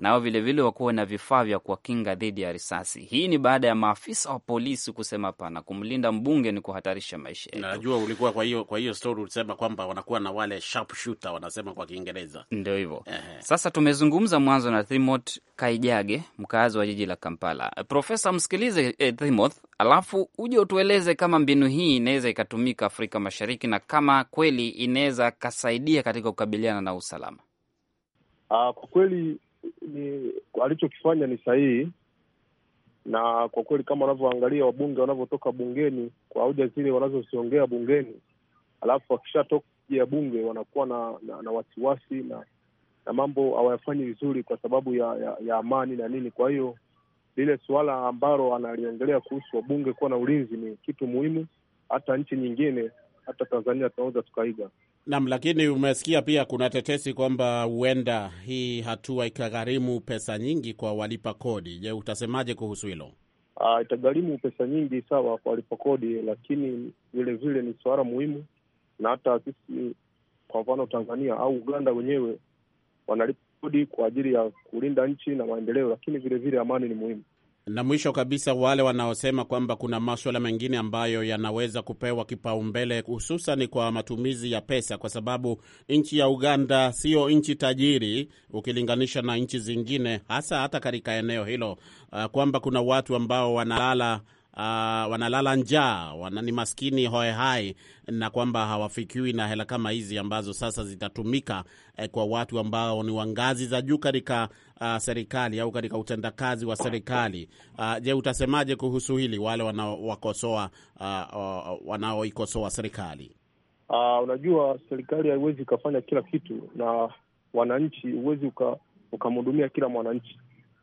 B: nao vilevile wakuwa na vifaa vya kuwakinga dhidi ya risasi. Hii ni baada ya maafisa wa polisi kusema pana kumlinda mbunge ni kuhatarisha maisha yetu. Najua ulikuwa kwa
A: hiyo kwa hiyo story ulisema kwamba wanakuwa na wale sharpshooter wanasema kwa Kiingereza,
B: ndio hivyo. Sasa tumezungumza mwanzo na Thimoth Kaijage, mkaazi wa jiji la Kampala. Profesa, msikilize eh, Thimoth, alafu uje utueleze kama mbinu hii inaweza ikatumika Afrika Mashariki na kama kweli inaweza kasaidia katika kukabiliana na usalama.
I: Uh, Kwa kweli ni alichokifanya ni sahihi, na kwa kweli kama wanavyoangalia wabunge wanavyotoka bungeni kwa hoja zile wanazoziongea bungeni, alafu wakishatoka ya bunge wanakuwa na, na, na wasiwasi na, na mambo hawayafanyi vizuri kwa sababu ya, ya, ya amani na nini. Kwa hiyo lile suala ambalo analiongelea kuhusu wabunge kuwa na ulinzi ni kitu muhimu, hata nchi nyingine, hata Tanzania tunaweza tukaiga.
A: Naam, lakini umesikia pia kuna tetesi kwamba huenda hii hatua ikagharimu pesa nyingi kwa walipa kodi. Je, utasemaje kuhusu hilo?
I: Uh, itagharimu pesa nyingi sawa kwa walipa kodi, lakini vilevile ni suala muhimu, na hata sisi kwa mfano Tanzania au Uganda wenyewe wanalipa kodi kwa ajili ya kulinda nchi na maendeleo, lakini vilevile amani
A: ni muhimu. Na mwisho kabisa, wale wanaosema kwamba kuna maswala mengine ambayo yanaweza kupewa kipaumbele, hususan kwa matumizi ya pesa, kwa sababu nchi ya Uganda sio nchi tajiri ukilinganisha na nchi zingine, hasa hata katika eneo hilo, ah, kwamba kuna watu ambao wanalala uh, wanalala njaa, wana ni maskini hoe hai, na kwamba hawafikiwi na hela kama hizi ambazo sasa zitatumika eh, kwa watu ambao ni wa ngazi za juu katika uh, serikali au katika utendakazi wa serikali. Uh, je, utasemaje kuhusu hili, wale wanaowakosoa uh, wanaoikosoa serikali?
I: Uh, unajua serikali haiwezi ikafanya kila kitu na wananchi, huwezi ukamhudumia kila mwananchi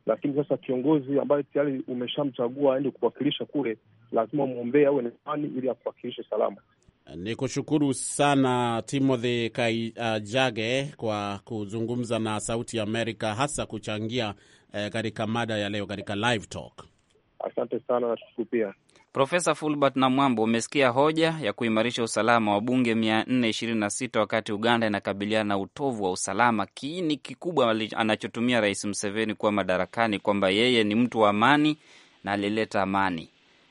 I: lakini sasa kiongozi ambaye tayari umeshamchagua aende kuwakilisha kule, lazima mwombee awe na imani ili
E: akuwakilishe
A: salama. Ni kushukuru sana Timothy Kaijage uh, kwa kuzungumza na Sauti ya Amerika, hasa kuchangia uh, katika mada ya leo
B: katika Live Talk.
I: Asante sana, nashukuru pia.
B: Profesa Fulbert na Mwambo, umesikia hoja ya kuimarisha usalama wa bunge mia wakati Uganda inakabiliana na utovu wa usalama. Kiini kikubwa anachotumia Rais Mseveni kuwa madarakani kwamba yeye ni mtu wa amani na alileta amani.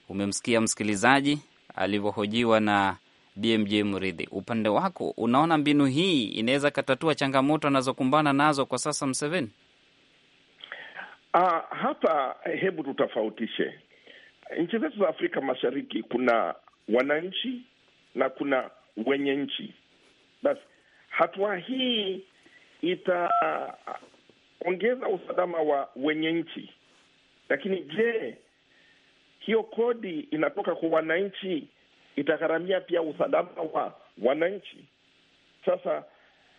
B: Umemsikia msikilizaji alivyohojiwa na BMJ Mridhi, upande wako unaona mbinu hii inaweza katatua changamoto anazokumbana nazo kwa sasa Mseveni?
F: Uh, ah, hapa hebu tutofautishe nchi zetu za Afrika Mashariki kuna wananchi na kuna wenye nchi. Basi hatua hii itaongeza usalama wa wenye nchi, lakini je, hiyo kodi inatoka kwa wananchi itagharamia pia usalama wa wananchi? Sasa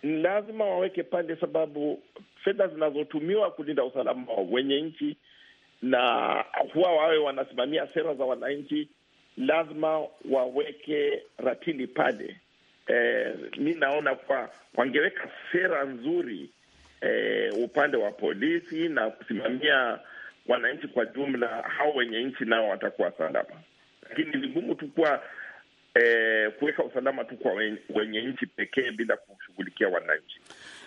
F: ni lazima waweke pande, sababu fedha zinazotumiwa kulinda usalama wa wenye nchi na huwa wawe wanasimamia sera za wananchi, lazima waweke ratili pale. Eh, mi naona kwa wangeweka sera nzuri eh, upande wa polisi na kusimamia wananchi kwa jumla, hao wenye nchi nao watakuwa salama, lakini vigumu tu kuwa eh, kuweka usalama tu kwa wenye nchi pekee bila kushughulikia wananchi.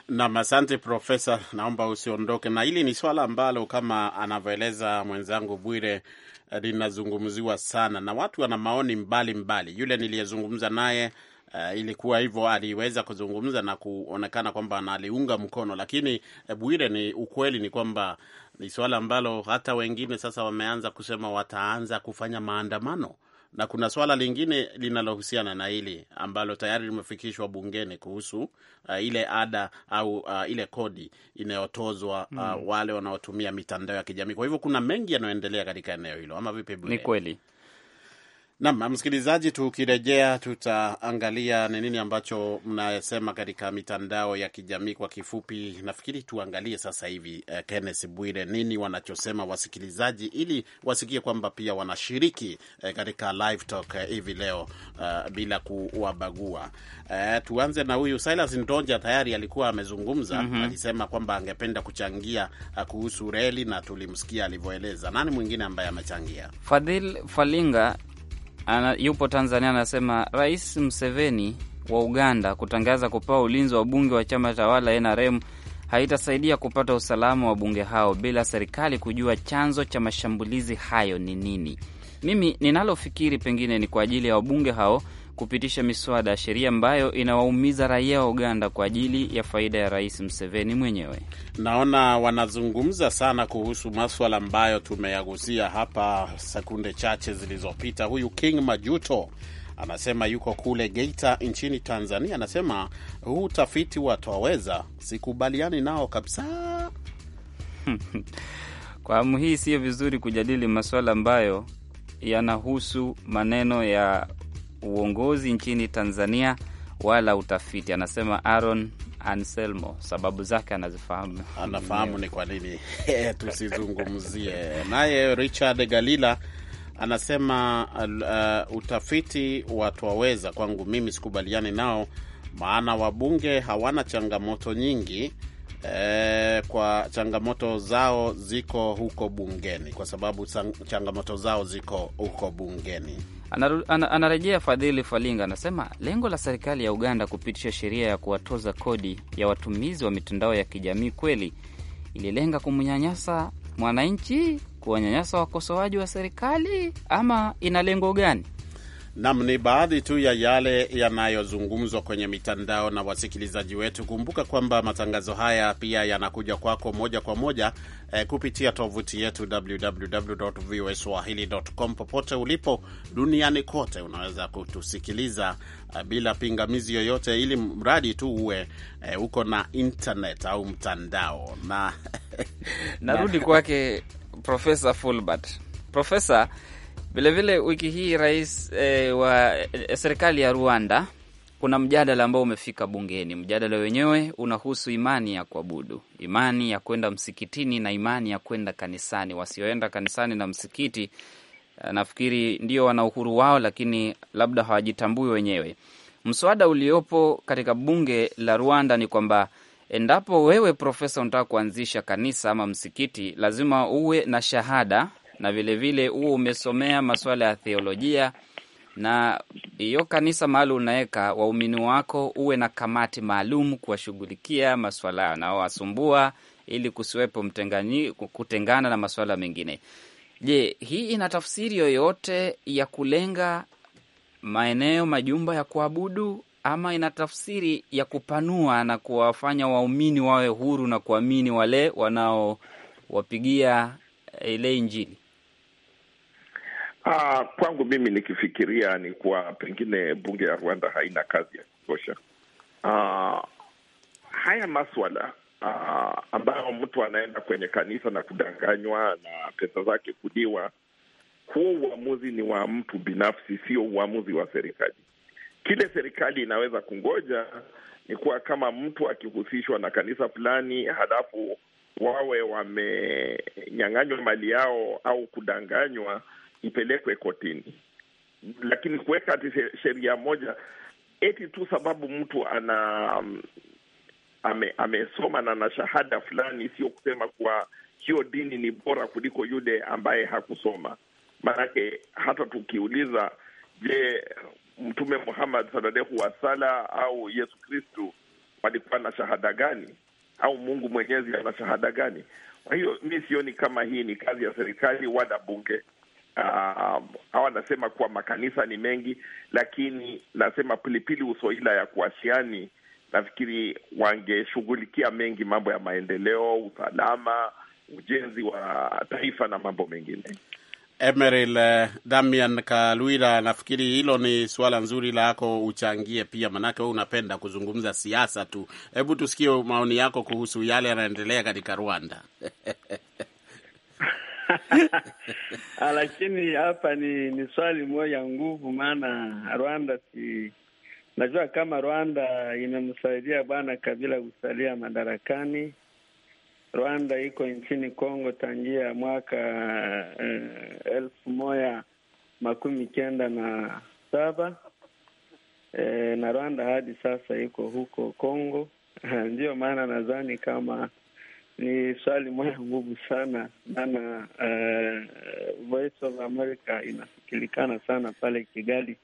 A: Nam, asante Profesa, naomba usiondoke. Na hili ni swala ambalo kama anavyoeleza mwenzangu Bwire eh, linazungumziwa sana na watu wana maoni mbalimbali. Yule niliyezungumza naye Uh, ilikuwa hivyo, aliweza kuzungumza na kuonekana kwamba analiunga mkono, lakini eh, Bwire, ni ukweli ni kwamba ni suala ambalo hata wengine sasa wameanza kusema wataanza kufanya maandamano na kuna swala lingine linalohusiana na hili ambalo tayari limefikishwa bungeni kuhusu uh, ile ada au uh, ile kodi inayotozwa uh, mm. wale wanaotumia mitandao ya kijamii. Kwa hivyo kuna mengi yanayoendelea katika eneo hilo, ama vipi? Ni kweli Nam msikilizaji, tukirejea tutaangalia ni nini ambacho mnasema katika mitandao ya kijamii kwa kifupi. Nafikiri tuangalie sasa hivi uh, Kenneth Bwire, nini wanachosema wasikilizaji ili wasikie kwamba pia wanashiriki uh, katika live talk eh, hivi leo uh, bila kuwabagua. Uh, tuanze na huyu Silas Ndonja, tayari alikuwa amezungumza mm -hmm. Alisema kwamba angependa kuchangia uh, kuhusu reli na tulimsikia alivyoeleza. Nani mwingine ambaye amechangia?
B: Fadhil Falinga ana, yupo Tanzania anasema Rais Mseveni wa Uganda kutangaza kupewa ulinzi wa bunge wa chama tawala NRM haitasaidia kupata usalama wa bunge hao bila serikali kujua chanzo cha mashambulizi hayo ni nini. Mimi ninalofikiri pengine ni kwa ajili ya wabunge hao kupitisha miswada ya sheria ambayo inawaumiza raia wa Uganda kwa ajili ya faida ya Rais Museveni mwenyewe. Naona wanazungumza sana kuhusu maswala ambayo
A: tumeyagusia hapa sekunde chache zilizopita. Huyu King Majuto anasema yuko kule Geita nchini Tanzania. Anasema huu utafiti wataweza,
B: sikubaliani nao kabisa. Kwa hamu hii, siyo vizuri kujadili maswala ambayo yanahusu maneno ya uongozi nchini Tanzania wala utafiti. Anasema Aaron Anselmo, sababu zake anazifahamu, anafahamu ni kwa
A: nini tusizungumzie naye. Richard Galila anasema uh, utafiti watwaweza kwangu mimi sikubaliani nao, maana wabunge hawana changamoto nyingi eh, kwa changamoto zao ziko huko bungeni, kwa sababu changamoto zao ziko huko bungeni.
B: Anarejea Fadhili Falinga anasema lengo la serikali ya Uganda kupitisha sheria ya kuwatoza kodi ya watumizi wa mitandao ya kijamii kweli ililenga kumnyanyasa mwananchi, kuwanyanyasa wakosoaji wa serikali, ama ina lengo gani? Nam, ni
A: baadhi tu ya yale yanayozungumzwa kwenye mitandao na wasikilizaji wetu. Kumbuka kwamba matangazo haya pia yanakuja kwako moja kwa moja eh, kupitia tovuti yetu www.voaswahili.com. Popote ulipo duniani kote unaweza kutusikiliza eh, bila pingamizi yoyote, ili mradi tu uwe eh, uko na internet au mtandao na narudi kwake Profesa
B: Fulbert. Profesa Vilevile wiki hii rais e, wa e, serikali ya Rwanda, kuna mjadala ambao umefika bungeni. Mjadala wenyewe unahusu imani ya kuabudu, imani ya kwenda msikitini na imani ya kwenda kanisani. Wasioenda kanisani na msikiti, eh, nafikiri ndio wana uhuru wao, lakini labda hawajitambui wenyewe. Mswada uliopo katika bunge la Rwanda ni kwamba endapo wewe profesa unataka kuanzisha kanisa ama msikiti, lazima uwe na shahada na vilevile huo umesomea masuala ya theolojia na hiyo kanisa mahali unaweka waumini wako, uwe na kamati maalum kuwashughulikia maswala yanaowasumbua ili kusiwepo mtengani, kutengana na maswala mengine. Je, hii ina tafsiri yoyote ya kulenga maeneo majumba ya kuabudu ama ina tafsiri ya kupanua na kuwafanya waumini wawe huru na kuamini wale wanaowapigia eh, ile Injili?
F: Ah, kwangu mimi nikifikiria ni kuwa pengine bunge ya Rwanda haina kazi ya kutosha. Ah, haya maswala ah, ambayo mtu anaenda kwenye kanisa na kudanganywa na pesa zake kuliwa, huo uamuzi ni wa mtu binafsi, sio uamuzi wa serikali. Kile serikali inaweza kungoja ni kuwa kama mtu akihusishwa na kanisa fulani halafu wawe wamenyang'anywa mali yao au kudanganywa ipelekwe kotini, lakini kuweka ati sheria moja eti tu sababu mtu ana um, ame, amesoma na na shahada fulani, sio kusema kuwa hiyo dini ni bora kuliko yule ambaye hakusoma. Maanake hata tukiuliza, je, Mtume Muhammad sallallahu wasala au Yesu Kristu walikuwa na shahada gani? Au Mungu Mwenyezi ana shahada gani? Kwa hiyo mi sioni kama hii ni kazi ya serikali wala bunge. Uh, hawa nasema kuwa makanisa ni mengi, lakini nasema pilipili usoila ya kuasiani, nafikiri wangeshughulikia mengi, mambo ya maendeleo, usalama, ujenzi wa taifa na mambo
A: mengine. Emeril eh, Damian Kalwira, nafikiri hilo ni suala nzuri lako uchangie pia, manake we unapenda kuzungumza siasa tu. Hebu tusikie maoni yako kuhusu yale yanaendelea katika Rwanda.
D: Ah, lakini hapa ni ni swali moja nguvu, maana Rwanda si najua kama Rwanda imemsaidia bwana Kabila kusalia madarakani. Rwanda iko nchini Kongo tangia mwaka eh, elfu moja makumi kenda na saba eh, na Rwanda hadi sasa iko huko Kongo. Ndiyo maana nadhani kama ni swali moja ngumu sana maana Uh, Voice of America inasikilikana sana pale Kigali.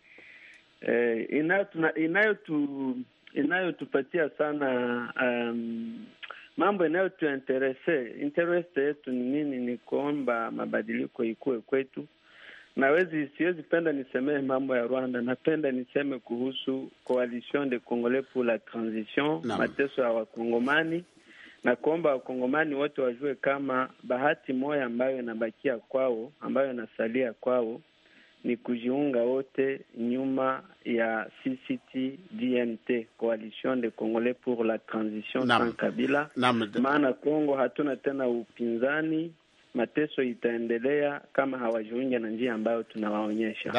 D: Uh, eh, inayotupatia inayotu, inayotu sana um, mambo inayotuinterese intereste yetu ni nini? Ni kuomba mabadiliko ikuwe kwetu. Nawezi siwezi penda nisemee mambo ya Rwanda, napenda niseme kuhusu coalition de Congolais pour la transition, mateso ya Wakongomani na kuomba wakongomani wote wajue kama bahati moya ambayo inabakia kwao, ambayo inasalia kwao ni kujiunga wote nyuma ya CCT-DNT, Coalition de Congolais pour la Transition sans Kabila. Maana Kongo hatuna tena upinzani, mateso itaendelea kama hawajiunge na njia ambayo tunawaonyesha.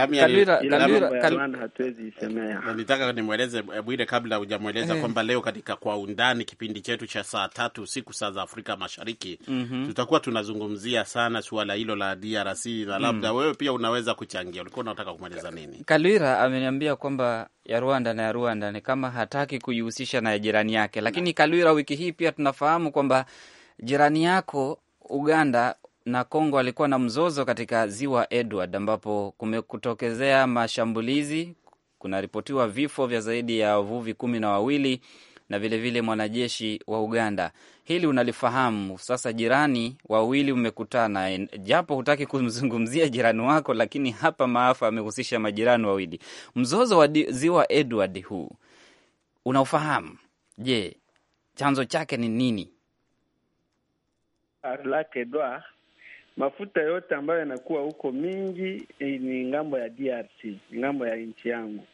D: Hatuwezi isemea.
A: Eh, Nitaka nimweleze Bwire kabla hujamweleza eh. kwamba leo katika kwa undani kipindi chetu cha saa tatu usiku saa za Afrika Mashariki mm -hmm. tutakuwa tunazungumzia sana suala hilo la DRC na labda mm. wewe pia unaweza kuchangia, ulikuwa unataka kumweleza
B: nini? Kalwira ameniambia kwamba ya Rwanda na ya Rwanda ni kama hataki kuihusisha na jirani yake, lakini Kalwira, wiki hii pia tunafahamu kwamba jirani yako Uganda na Kongo alikuwa na mzozo katika ziwa Edward ambapo kumekutokezea mashambulizi, kunaripotiwa vifo vya zaidi ya wavuvi kumi na wawili na vilevile vile mwanajeshi wa Uganda. Hili unalifahamu. Sasa jirani wawili umekutana japo hutaki kumzungumzia jirani wako, lakini hapa maafa amehusisha majirani wawili. Mzozo wa ziwa Edward huu unaufahamu? Je, chanzo chake ni nini?
D: Lac Edward, mafuta yote ambayo yanakuwa huko mingi eh, ni ngambo ya DRC, ngambo ya nchi yangu.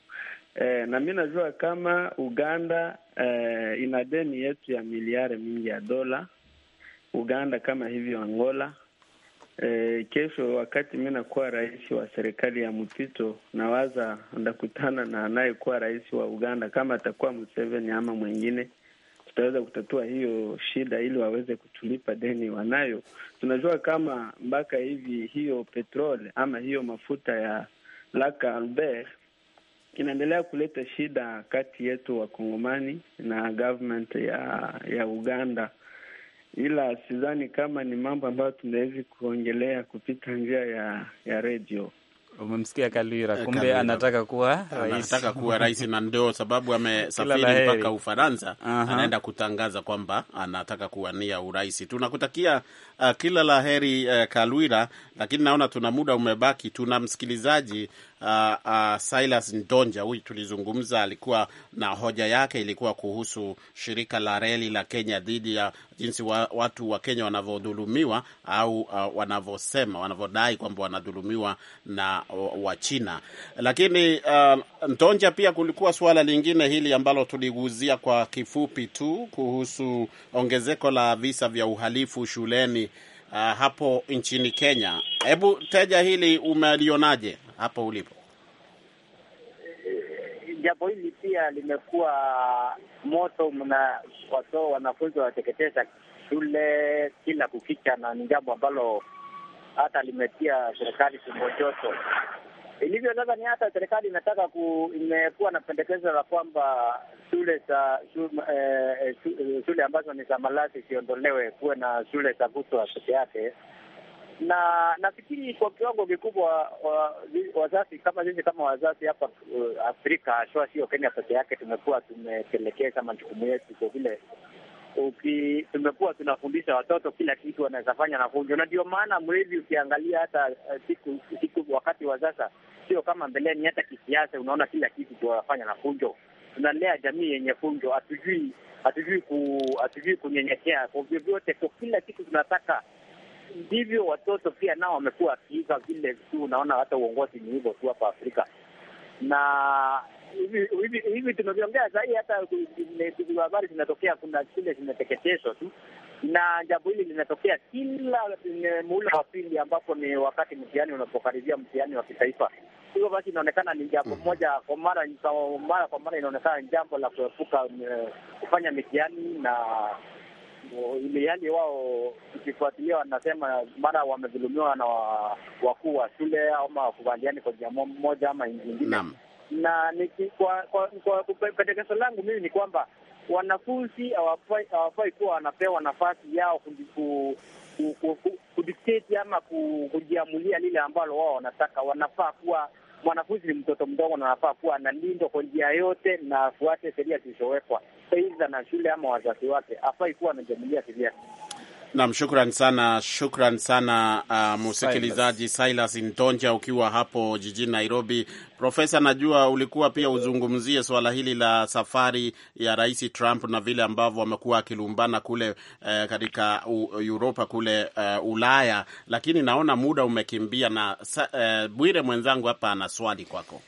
D: E, na mi najua kama Uganda e, ina deni yetu ya miliare mingi ya dola Uganda kama hivyo Angola. E, kesho wakati mi nakuwa rais wa serikali ya mpito, nawaza ndakutana na anayekuwa rais wa Uganda kama atakuwa Museveni ama mwingine tutaweza kutatua hiyo shida ili waweze kutulipa deni wanayo. Tunajua kama mpaka hivi hiyo petrol ama hiyo mafuta ya Lac Albert inaendelea kuleta shida kati yetu wakongomani na government ya ya Uganda, ila sidhani kama ni mambo ambayo tunawezi kuongelea
A: kupita njia ya ya redio.
B: Umemsikia Kalira, eh, kumbe Kalira. Anataka kuwa rais,
A: anataka kuwa rais na ndio sababu amesafiri mpaka Ufaransa. Anaenda kutangaza kwamba anataka kuwania urais. Tunakutakia uh, kila la heri uh, Kalwira, lakini naona tuna muda umebaki. Tuna msikilizaji uh, uh, Silas Ndonja, huyu tulizungumza, alikuwa na hoja yake ilikuwa kuhusu shirika la reli la Kenya dhidi ya jinsi wa, watu wa Kenya wanavyodhulumiwa au uh, wanavyosema wanavyodai kwamba wanadhulumiwa na Wachina. Lakini uh, Ndonja, pia kulikuwa suala lingine hili ambalo tuliguzia kwa kifupi tu kuhusu ongezeko la visa vya uhalifu shuleni uh, hapo nchini Kenya. Hebu teja hili umelionaje hapo ulipo?
C: Jambo hili pia limekuwa moto, mna watoto wanafunzi wanateketeza shule kila kukicha, na ni jambo ambalo hata limetia serikali tumbo joto. Ilivyo sasa ni hata serikali inataka ku, imekuwa na pendekezo la kwamba shule za eh, eh, eh, shule ambazo ni za malazi ziondolewe, kuwe na shule za kutwa peke yake, na nafikiri kwa kiwango kikubwa wazazi kama sisi kama wazazi hapa Afrika haswa, sio Kenya peke yake, tumekuwa tumepelekeza majukumu yetu kwa vile uki- tumekuwa tunafundisha watoto kila kitu wanaweza fanya na funjo, na ndio maana mlezi, ukiangalia hata siku siku wakati wa sasa sio kama mbeleni. Hata kisiasa, unaona kila kitu tunafanya na funjo, tunalea jamii yenye funjo, hatujui hatujui ku, hatujui kunyenyekea kwa vyovyote, kwa kila kitu tunataka ndivyo. Watoto pia nao wamekuwa wakiiga vile tu, unaona hata uongozi ni hivyo tu hapa Afrika na hivi hivi tunavyoongea sahii, hata habari zinatokea, kuna shule zimeteketeshwa tu na jambo hili linatokea kila muhula wa pili, ambapo ni wakati mtihani unapokaribia, mtihani wa kitaifa. Hivyo basi inaonekana ni jambo mm. moja kwa mara kwa mara, inaonekana ni jambo la kuepuka eh, kufanya mitihani na ili eh, yaani hali wao ukifuatilia, wanasema mara wamedhulumiwa na wakuu wa shule ama wakubaliani kwa jambo moja ama ingine. Na pendekezo langu mimi ni kwamba wanafunzi hawafai kuwa wanapewa nafasi yao kudikteti ama kujiamulia lile ambalo wao wanataka. Wanafaa kuwa mwanafunzi ni mtoto mdogo na anafaa kuwa analindwa kwa njia yote na afuate sheria zilizowekwa, aidha na shule ama wazazi wake. afai kuwa anajamulia sheria.
A: Nam, shukran sana, shukran sana uh, msikilizaji Silas Ntonja ukiwa hapo jijini Nairobi. Profesa, najua ulikuwa pia uzungumzie swala hili la safari ya Rais Trump na vile ambavyo amekuwa akilumbana kule uh, katika Uropa kule uh, Ulaya, lakini naona muda umekimbia na uh, Bwire mwenzangu hapa ana swali kwako.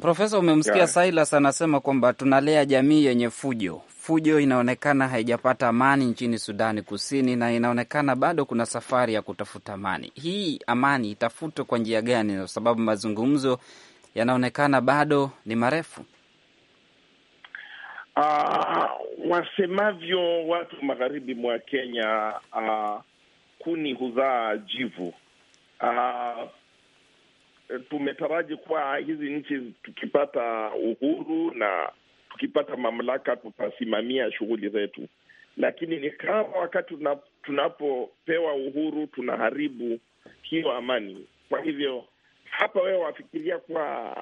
B: Profesa, umemsikia yeah, Silas anasema kwamba tunalea jamii yenye fujo. Fujo inaonekana haijapata amani nchini Sudani Kusini, na inaonekana bado kuna safari ya kutafuta amani. Hii amani itafutwa kwa njia gani? Kwa sababu mazungumzo yanaonekana bado ni marefu.
F: Uh, wasemavyo watu magharibi mwa Kenya, uh, kuni huzaa jivu. Uh, Eh, tumetaraji kuwa hizi nchi tukipata uhuru na tukipata mamlaka tutasimamia shughuli zetu, lakini ni kama wakati tunapopewa uhuru tunaharibu hiyo amani. Kwa hivyo hapa wewe wafikiria kuwa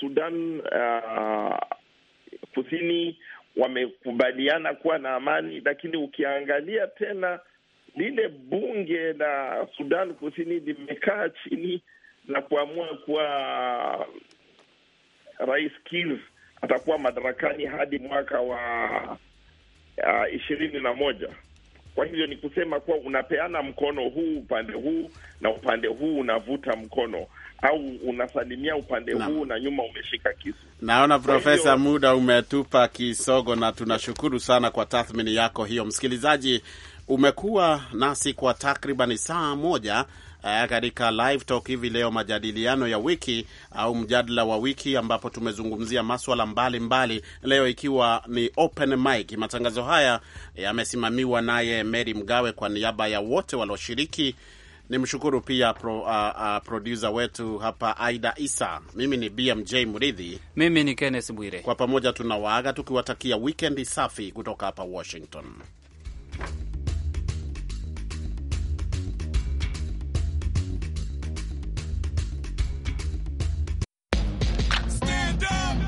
F: Sudan uh, Kusini wamekubaliana kuwa na amani, lakini ukiangalia tena lile bunge la Sudan Kusini limekaa chini na kuamua kuwa Rais Kiir atakuwa madarakani hadi mwaka wa uh, ishirini uh, na moja. Kwa hivyo ni kusema kuwa unapeana mkono huu upande huu na upande huu unavuta mkono au unasalimia upande na huu na nyuma umeshika kisu.
A: Naona Profesa, muda umetupa kisogo, na tunashukuru sana kwa tathmini yako hiyo. Msikilizaji, umekuwa nasi kwa takribani saa moja uh, katika live talk hivi leo, majadiliano ya wiki au mjadala wa wiki, ambapo tumezungumzia maswala mbalimbali mbali, leo ikiwa ni open mic. Matangazo haya yamesimamiwa naye Mary Mgawe kwa niaba ya wote walioshiriki. Nimshukuru pia pro, uh, uh, produsa wetu hapa Aida Isa. Mimi ni BMJ Mridhi, mimi ni Kenneth Bwire. Kwa pamoja tunawaaga tukiwatakia wikendi safi kutoka hapa Washington.
G: dumb.